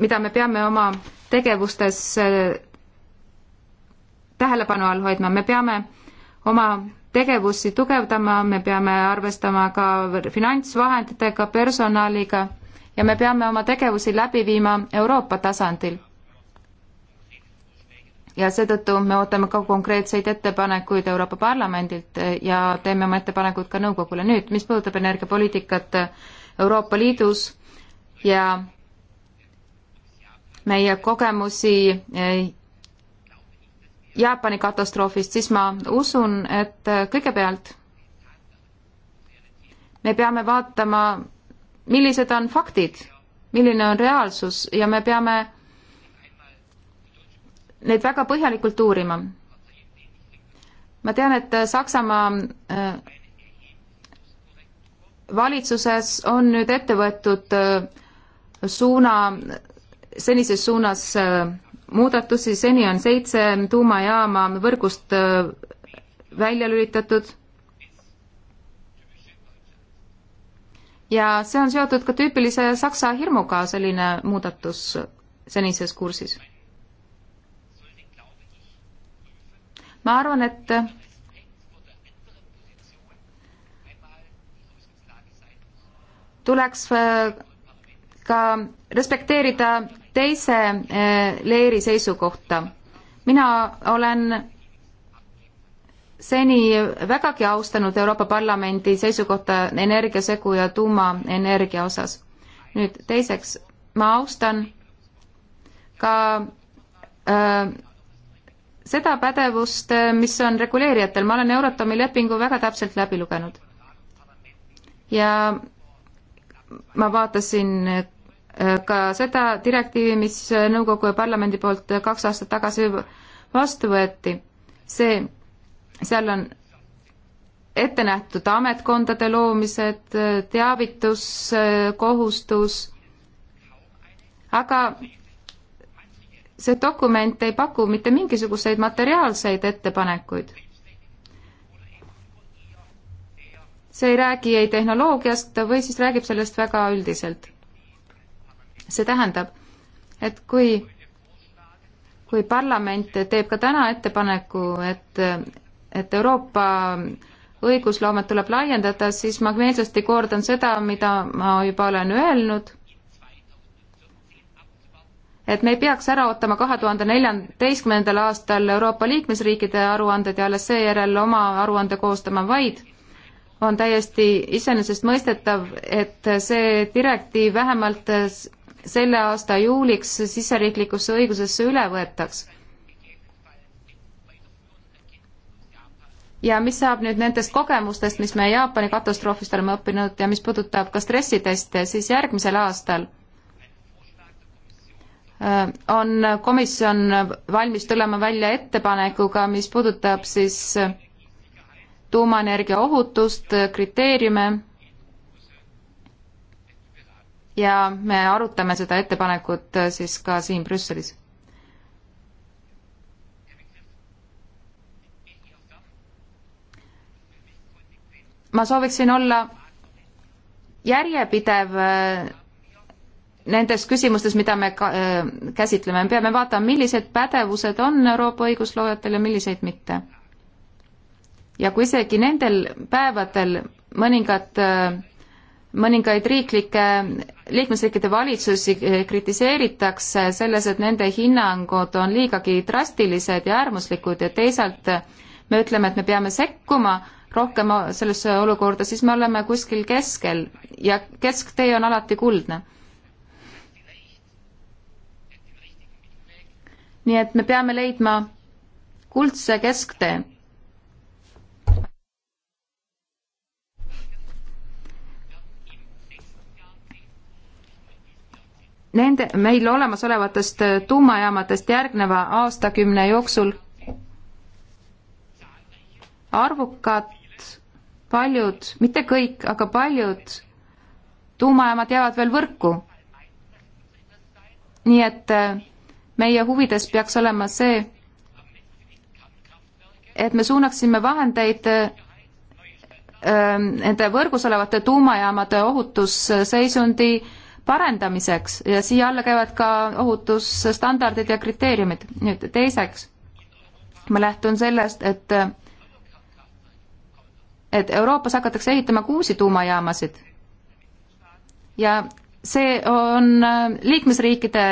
mida me peame oma tegevustes tähelepanu all hoidma, me peame oma tegevusi tugevdama, me peame arvestama ka finantsvahenditega, personaliga ja me peame oma tegevusi läbi viima Euroopa tasandil ja seetõttu me ootame ka konkreetseid ettepanekuid Euroopa Parlamendilt eh, ja teeme oma ettepanekud ka nõukogule. nüüd, mis puudutab energiapoliitikat eh, Euroopa Liidus ja meie kogemusi eh, Jaapani katastroofist, siis ma usun, et kõigepealt me peame vaatama, millised on faktid, milline on reaalsus ja me peame neid väga põhjalikult uurima. ma tean, et Saksamaa äh, valitsuses on nüüd ette võetud äh, suuna, senises suunas äh, muudatusi, seni on seitse tuumajaama võrgust välja lülitatud ja see on seotud ka tüüpilise Saksa hirmuga, selline muudatus senises kursis. ma arvan, et tuleks äh, ka respekteerida teise äh, leeri seisukohta. mina olen seni vägagi austanud Euroopa Parlamendi seisukohta energiasegu ja tuumaenergia osas. nüüd teiseks, ma austan ka öö, äh, seda pädevust, eh, mis on reguleerijatel, ma olen Euratomi lepingu väga täpselt läbi lugenud. ja ma vaatasin eh, ka seda direktiivi, mis nõukogu ja parlamendi poolt kaks aastat tagasi vastu võeti. see, seal on ette nähtud ametkondade loomised, teavituskohustus, eh, aga see dokument ei paku mitte mingisuguseid materiaalseid ettepanekuid. see ei räägi ei tehnoloogiast või siis räägib sellest väga üldiselt. see tähendab, et kui, kui parlament teeb ka täna ettepaneku, et, et Euroopa õigusloomet tuleb laiendada, siis ma meelsasti kordan seda, mida ma juba olen öelnud et me ei peaks ära ootama kahe tuhande neljateistkümnendal aastal Euroopa liikmesriikide aruanded ja alles seejärel oma aruande koostama, vaid on täiesti iseenesestmõistetav, et see direktiiv vähemalt selle aasta juuliks siseriiklikusse õigusesse üle võetaks. ja mis saab nüüd nendest kogemustest, mis me Jaapani katastroofist oleme õppinud ja mis puudutab ka stressiteste, siis järgmisel aastal Äh, on komisjon valmis tulema välja ettepanekuga, mis puudutab siis äh, tuumaenergia ohutust, äh, kriteeriume ja me arutame seda ettepanekut siis ka siin Brüsselis. ma sooviksin olla järjepidev nendes küsimustes, mida me ka, äh, käsitleme, me peame vaatama, millised pädevused on Euroopa õigusloojatel ja milliseid mitte. ja kui isegi nendel päevadel mõningad äh, mõningaid riiklikke, liikmesriikide valitsusi äh, kritiseeritakse selles, et nende hinnangud on liigagi drastilised ja äärmuslikud ja teisalt äh, me ütleme, et me peame sekkuma rohkem sellesse olukorda, siis me oleme kuskil keskel ja kesktee on alati kuldne nii et me peame leidma kuldse kesktee. Nende, meil olemasolevatest tuumajaamadest järgneva aastakümne jooksul arvukad paljud, mitte kõik, aga paljud tuumajaamad jäävad veel võrku. nii et meie huvides peaks olema see, et me suunaksime vahendeid ähm, nende võrgus olevate tuumajaamade ohutusseisundi parendamiseks ja siia alla käivad ka ohutusstandardid ja kriteeriumid. nüüd teiseks, ma lähtun sellest, et et Euroopas hakatakse ehitama kuusi tuumajaamasid ja see on äh, liikmesriikide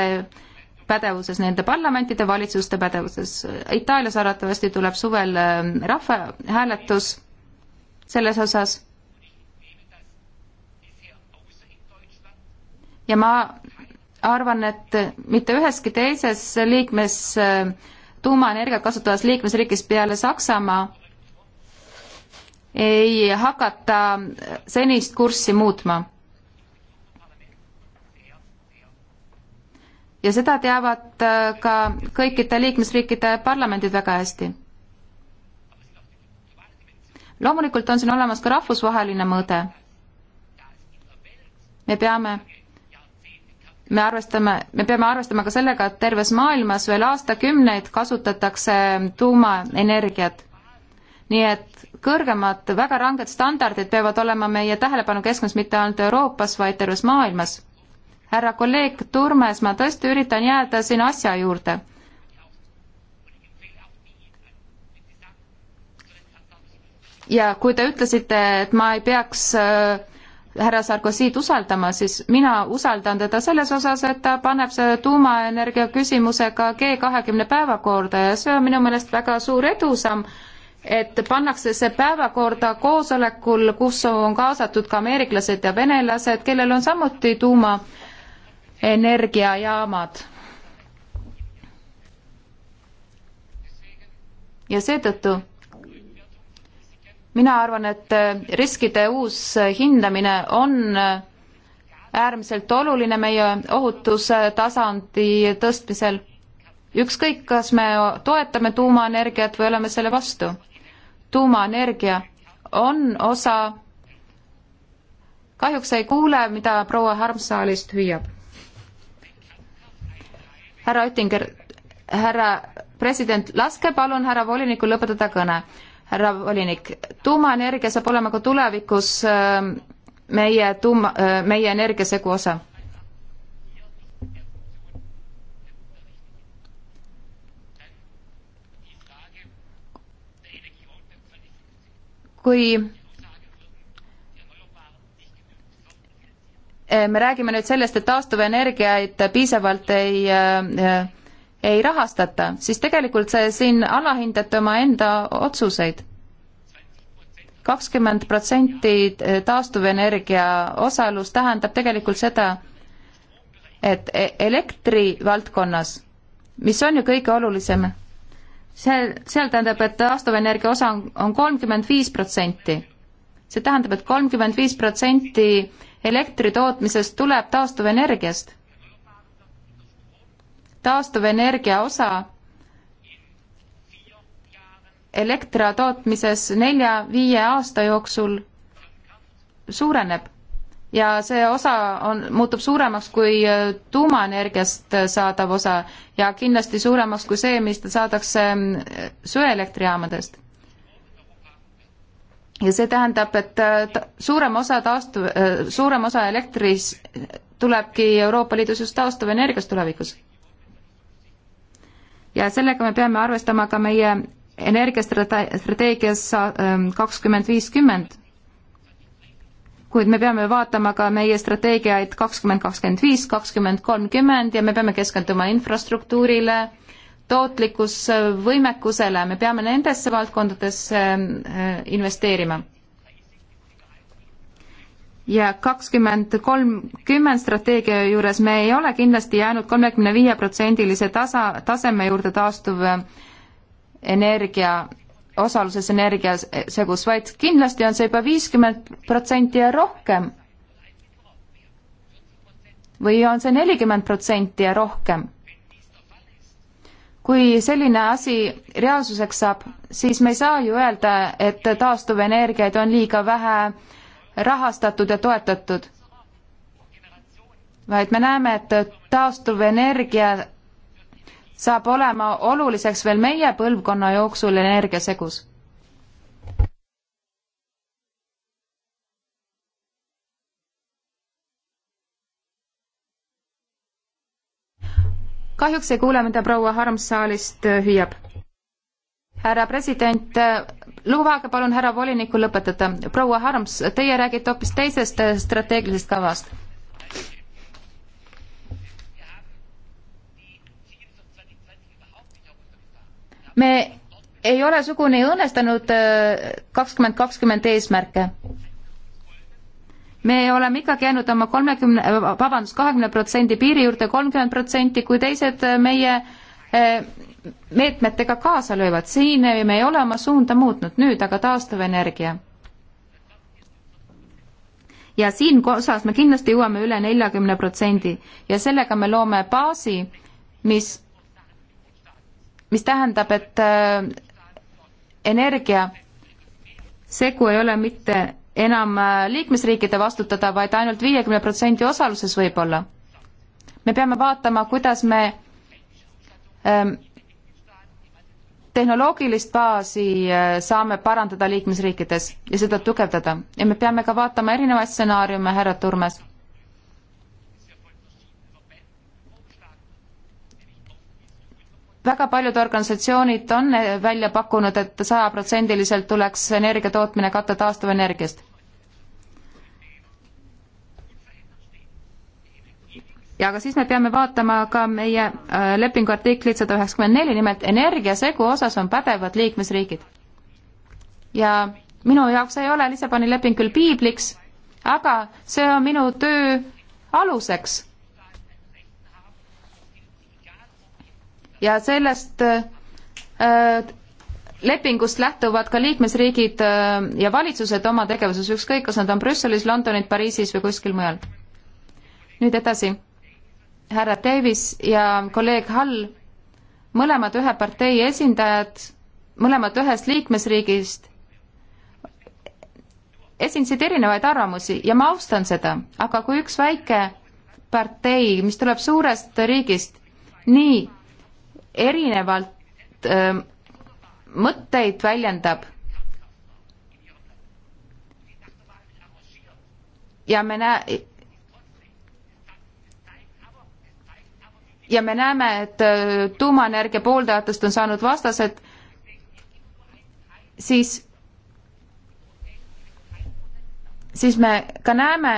pädevuses, nende parlamentide, valitsuste pädevuses. Itaalias arvatavasti tuleb suvel ähm, rahvahääletus selles osas. ja ma arvan, et mitte üheski teises liikmes, ähm, tuumaenergiat kasutavas liikmesriigis peale Saksamaa ei hakata senist kurssi muutma ja seda teavad äh, ka kõikide liikmesriikide parlamendid väga hästi. loomulikult on siin olemas ka rahvusvaheline mõõde. me peame, me arvestame, me peame arvestama ka sellega, et terves maailmas veel aastakümneid kasutatakse tuumaenergiat. nii et kõrgemad, väga ranged standardid peavad olema meie tähelepanu keskmes mitte ainult Euroopas, vaid terves maailmas härra kolleeg Turmes, ma tõesti üritan jääda siin asja juurde. ja kui te ütlesite, et ma ei peaks äh, härra Sarkozy'd usaldama, siis mina usaldan teda selles osas, et ta paneb selle tuumaenergia küsimusega G kahekümne päevakorda ja see on minu meelest väga suur edusamm, et pannakse see päevakorda koosolekul, kus on kaasatud ka ameeriklased ja venelased, kellel on samuti tuuma äh, energiajaamad. ja seetõttu mina arvan, et riskide uus hindamine on äärmiselt oluline meie ohutuse tasandi tõstmisel. ükskõik, kas me toetame tuumaenergiat või oleme selle vastu. tuumaenergia on osa, kahjuks ei kuule, mida proua Harm saalist hüüab härra Oettinger, härra president, laske palun härra volinikul lõpetada kõne. härra volinik, tuumaenergia saab olema ka tulevikus äh, meie tuuma, äh, meie energiasegu osa. kui Eh, me räägime nüüd sellest, et taastuvenergiaid piisavalt ei eh, ei rahastata, siis tegelikult see siin alahindate omaenda otsuseid. kakskümmend protsenti taastuvenergia osalus tähendab tegelikult seda, et e-, elektri valdkonnas, mis on ju kõige olulisem, see, seal tähendab, et taastuvenergia osa on kolmkümmend viis protsenti. see tähendab et, et kolmkümmend viis protsenti elektri tootmisest tuleb taastuvenergiast. taastuvenergia osa elektri tootmises nelja-viie aasta jooksul suureneb ja see osa on, muutub suuremaks kui äh, tuumaenergiast äh, saadav osa ja kindlasti suuremaks kui see, mis saadakse mm, söeelektrijaamadest ja see tähendab, et äh, suurem osa taastu-, äh, suurem osa elektris tulebki Euroopa Liidus just taastuvenergiast tulevikus. ja sellega me peame arvestama ka meie energiastrateegias ähm, kakskümmend viiskümmend, kuid me peame vaatama ka meie strateegiaid kakskümmend kakskümmend viis, kakskümmend kolmkümmend ja me peame keskenduma infrastruktuurile, tootlikkusvõimekusele, me peame nendesse valdkondadesse äh, investeerima. ja kakskümmend kolmkümmend strateegia juures me ei ole kindlasti jäänud kolmekümne viie protsendilise tasa, taseme juurde taastuv äh, energia osaluses energiasegus, vaid kindlasti on see juba viiskümmend protsenti ja rohkem. või on see nelikümmend protsenti ja rohkem kui selline asi reaalsuseks saab, siis me ei saa ju öelda, et taastuvenergiaid on liiga vähe rahastatud ja toetatud. vaid me näeme, et taastuvenergia saab olema oluliseks veel meie põlvkonna jooksul energiasegus kahjuks ei kuule, mida proua Harms saalist äh, hüüab. härra president, äh, lubage palun härra volinikul lõpetada. proua Harms, teie räägite hoopis teisest äh, strateegilisest kavast me ei ole suguni õõnestanud kakskümmend kakskümmend eesmärke me oleme ikkagi jäänud oma kolmekümne, vabandust, kahekümne protsendi piiri juurde, kolmkümmend protsenti, kui teised meie eh, meetmetega kaasa löövad. siin me ei ole oma suunda muutnud, nüüd aga taastuvenergia. ja siin osas me kindlasti jõuame üle neljakümne protsendi ja sellega me loome baasi, mis, mis tähendab, et eh, energia segu ei ole mitte enam äh, liikmesriikide vastutada, vaid ainult viiekümne protsendi osaluses võib-olla. me peame vaatama, kuidas me ähm, tehnoloogilist baasi äh, saame parandada liikmesriikides ja seda tugevdada ja me peame ka vaatama erinevaid stsenaariume, härra Turmes. väga paljud organisatsioonid on äh, välja pakkunud et, et sajaprotsendiliselt tuleks energiatootmine katta taastuvenergiast ja aga siis me peame vaatama ka meie äh, lepingu artiklit sada üheksakümmend neli, nimelt energiasegu osas on pädevad liikmesriigid. ja minu jaoks ei ole Lissaboni leping küll piibliks, aga see on minu töö aluseks. ja sellest äh, lepingust lähtuvad ka liikmesriigid äh, ja valitsused oma tegevuses, ükskõik, kas nad on Brüsselis, Londonis, Pariisis või kuskil mujal. nüüd edasi härra Davis ja kolleeg Hall, mõlemad ühe partei esindajad, mõlemad ühest liikmesriigist, esindasid erinevaid arvamusi ja ma austan seda, aga kui üks väike partei, mis tuleb suurest riigist, nii erinevalt öö, mõtteid väljendab ja me näe-, ja me näeme, et äh, tuumaenergia pooldajatest on saanud vastased, siis, siis me ka näeme,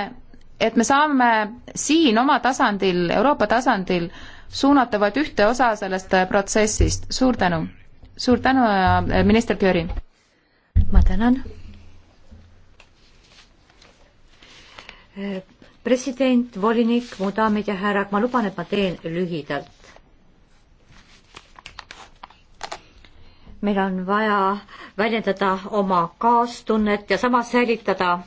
et me saame siin oma tasandil, Euroopa tasandil suunata vaid ühte osa sellest äh, protsessist. suur tänu. suur tänu ja äh, minister Kööri. ma tänan president, volinik, mu daamid ja härrad, ma luban, et ma teen lühidalt. meil on vaja väljendada oma kaastunnet ja samas säilitada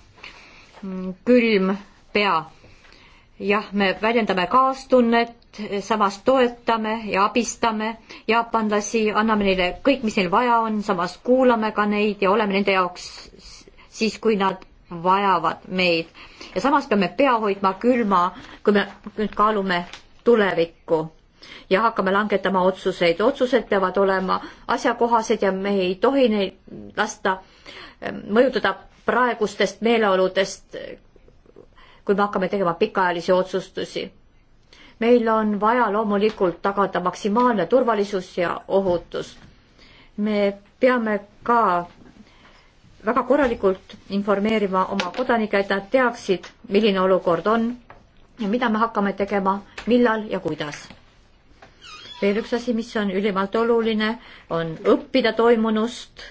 mm, külm pea. jah, me väljendame kaastunnet, samas toetame ja abistame jaapanlasi, anname neile kõik, mis neil vaja on, samas kuulame ka neid ja oleme nende jaoks siis, kui nad vajavad meid ja samas peame pea hoidma külma, kui me nüüd kaalume tulevikku ja hakkame langetama otsuseid. otsused peavad olema asjakohased ja me ei tohi neid lasta ähm, mõjutada praegustest meeleoludest, kui me hakkame tegema pikaajalisi otsustusi. meil on vaja loomulikult tagada maksimaalne turvalisus ja ohutus. me peame ka väga korralikult informeerima oma kodanikke, et nad teaksid, milline olukord on ja mida me hakkame tegema, millal ja kuidas. veel üks asi, mis on ülimalt oluline, on õppida toimunust.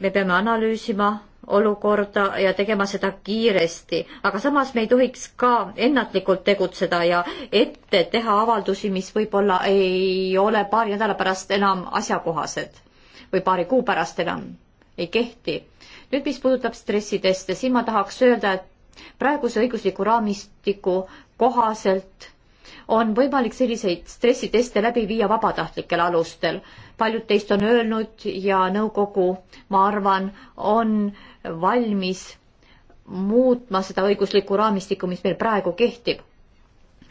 me peame analüüsima olukorda ja tegema seda kiiresti, aga samas me ei tohiks ka ennatlikult tegutseda ja ette teha avaldusi, mis võib-olla ei ole paari nädala pärast enam asjakohased või paari kuu pärast enam ei kehti. nüüd, mis puudutab stressiteste, siin ma tahaks öelda, et praeguse õigusliku raamistiku kohaselt on võimalik selliseid stressiteste läbi viia vabatahtlikel alustel. paljud teist on öelnud ja nõukogu, ma arvan, on valmis muutma seda õiguslikku raamistikku, mis meil praegu kehtib.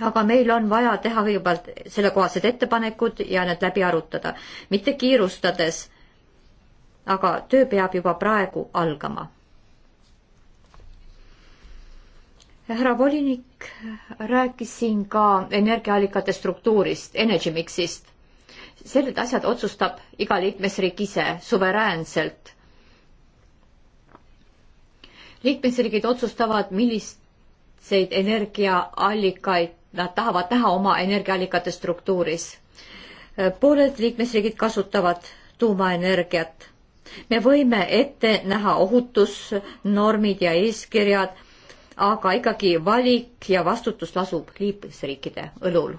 aga meil on vaja teha kõigepealt sellekohased ettepanekud ja need läbi arutada, mitte kiirustades aga töö peab juba praegu algama. härra volinik rääkis siin ka energiaallikate struktuurist, energy mix'ist. sellised asjad otsustab iga liikmesriik ise suveräänselt. liikmesriigid otsustavad, milliseid energiaallikaid nad tahavad näha oma energiaallikate struktuuris. pooled liikmesriigid kasutavad tuumaenergiat me võime ette näha ohutusnormid ja eeskirjad, aga ikkagi valik ja vastutus lasub liikmesriikide õlul.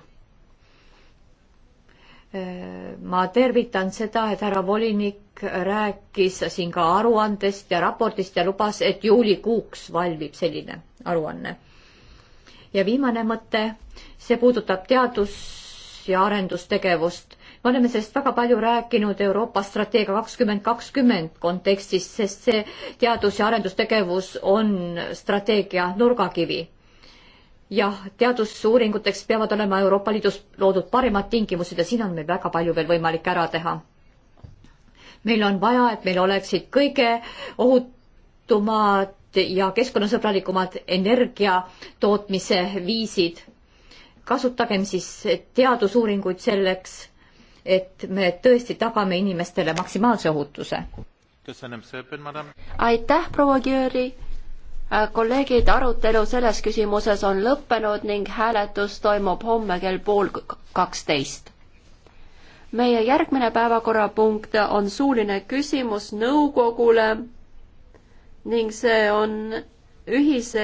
ma tervitan seda, et härra volinik rääkis siin ka aruandest ja raportist ja lubas, et juulikuuks valmib selline aruanne. ja viimane mõte, see puudutab teadus- ja arendustegevust me oleme sellest väga palju rääkinud Euroopa strateegia kakskümmend kakskümmend kontekstis, sest see teadus- ja arendustegevus on strateegia nurgakivi. jah, teadusuuringuteks peavad olema Euroopa Liidus loodud parimad tingimused ja siin on meil väga palju veel võimalik ära teha. meil on vaja, et meil oleksid kõige ohutumad ja keskkonnasõbralikumad energia tootmise viisid. kasutagem siis teadusuuringuid selleks et me tõesti tagame inimestele maksimaalse ohutuse. aitäh, proua Jüri! Äh, kolleegid, arutelu selles küsimuses on lõppenud ning hääletus toimub homme kell pool kaksteist. meie järgmine päevakorrapunkt on suuline küsimus nõukogule ning see on ühise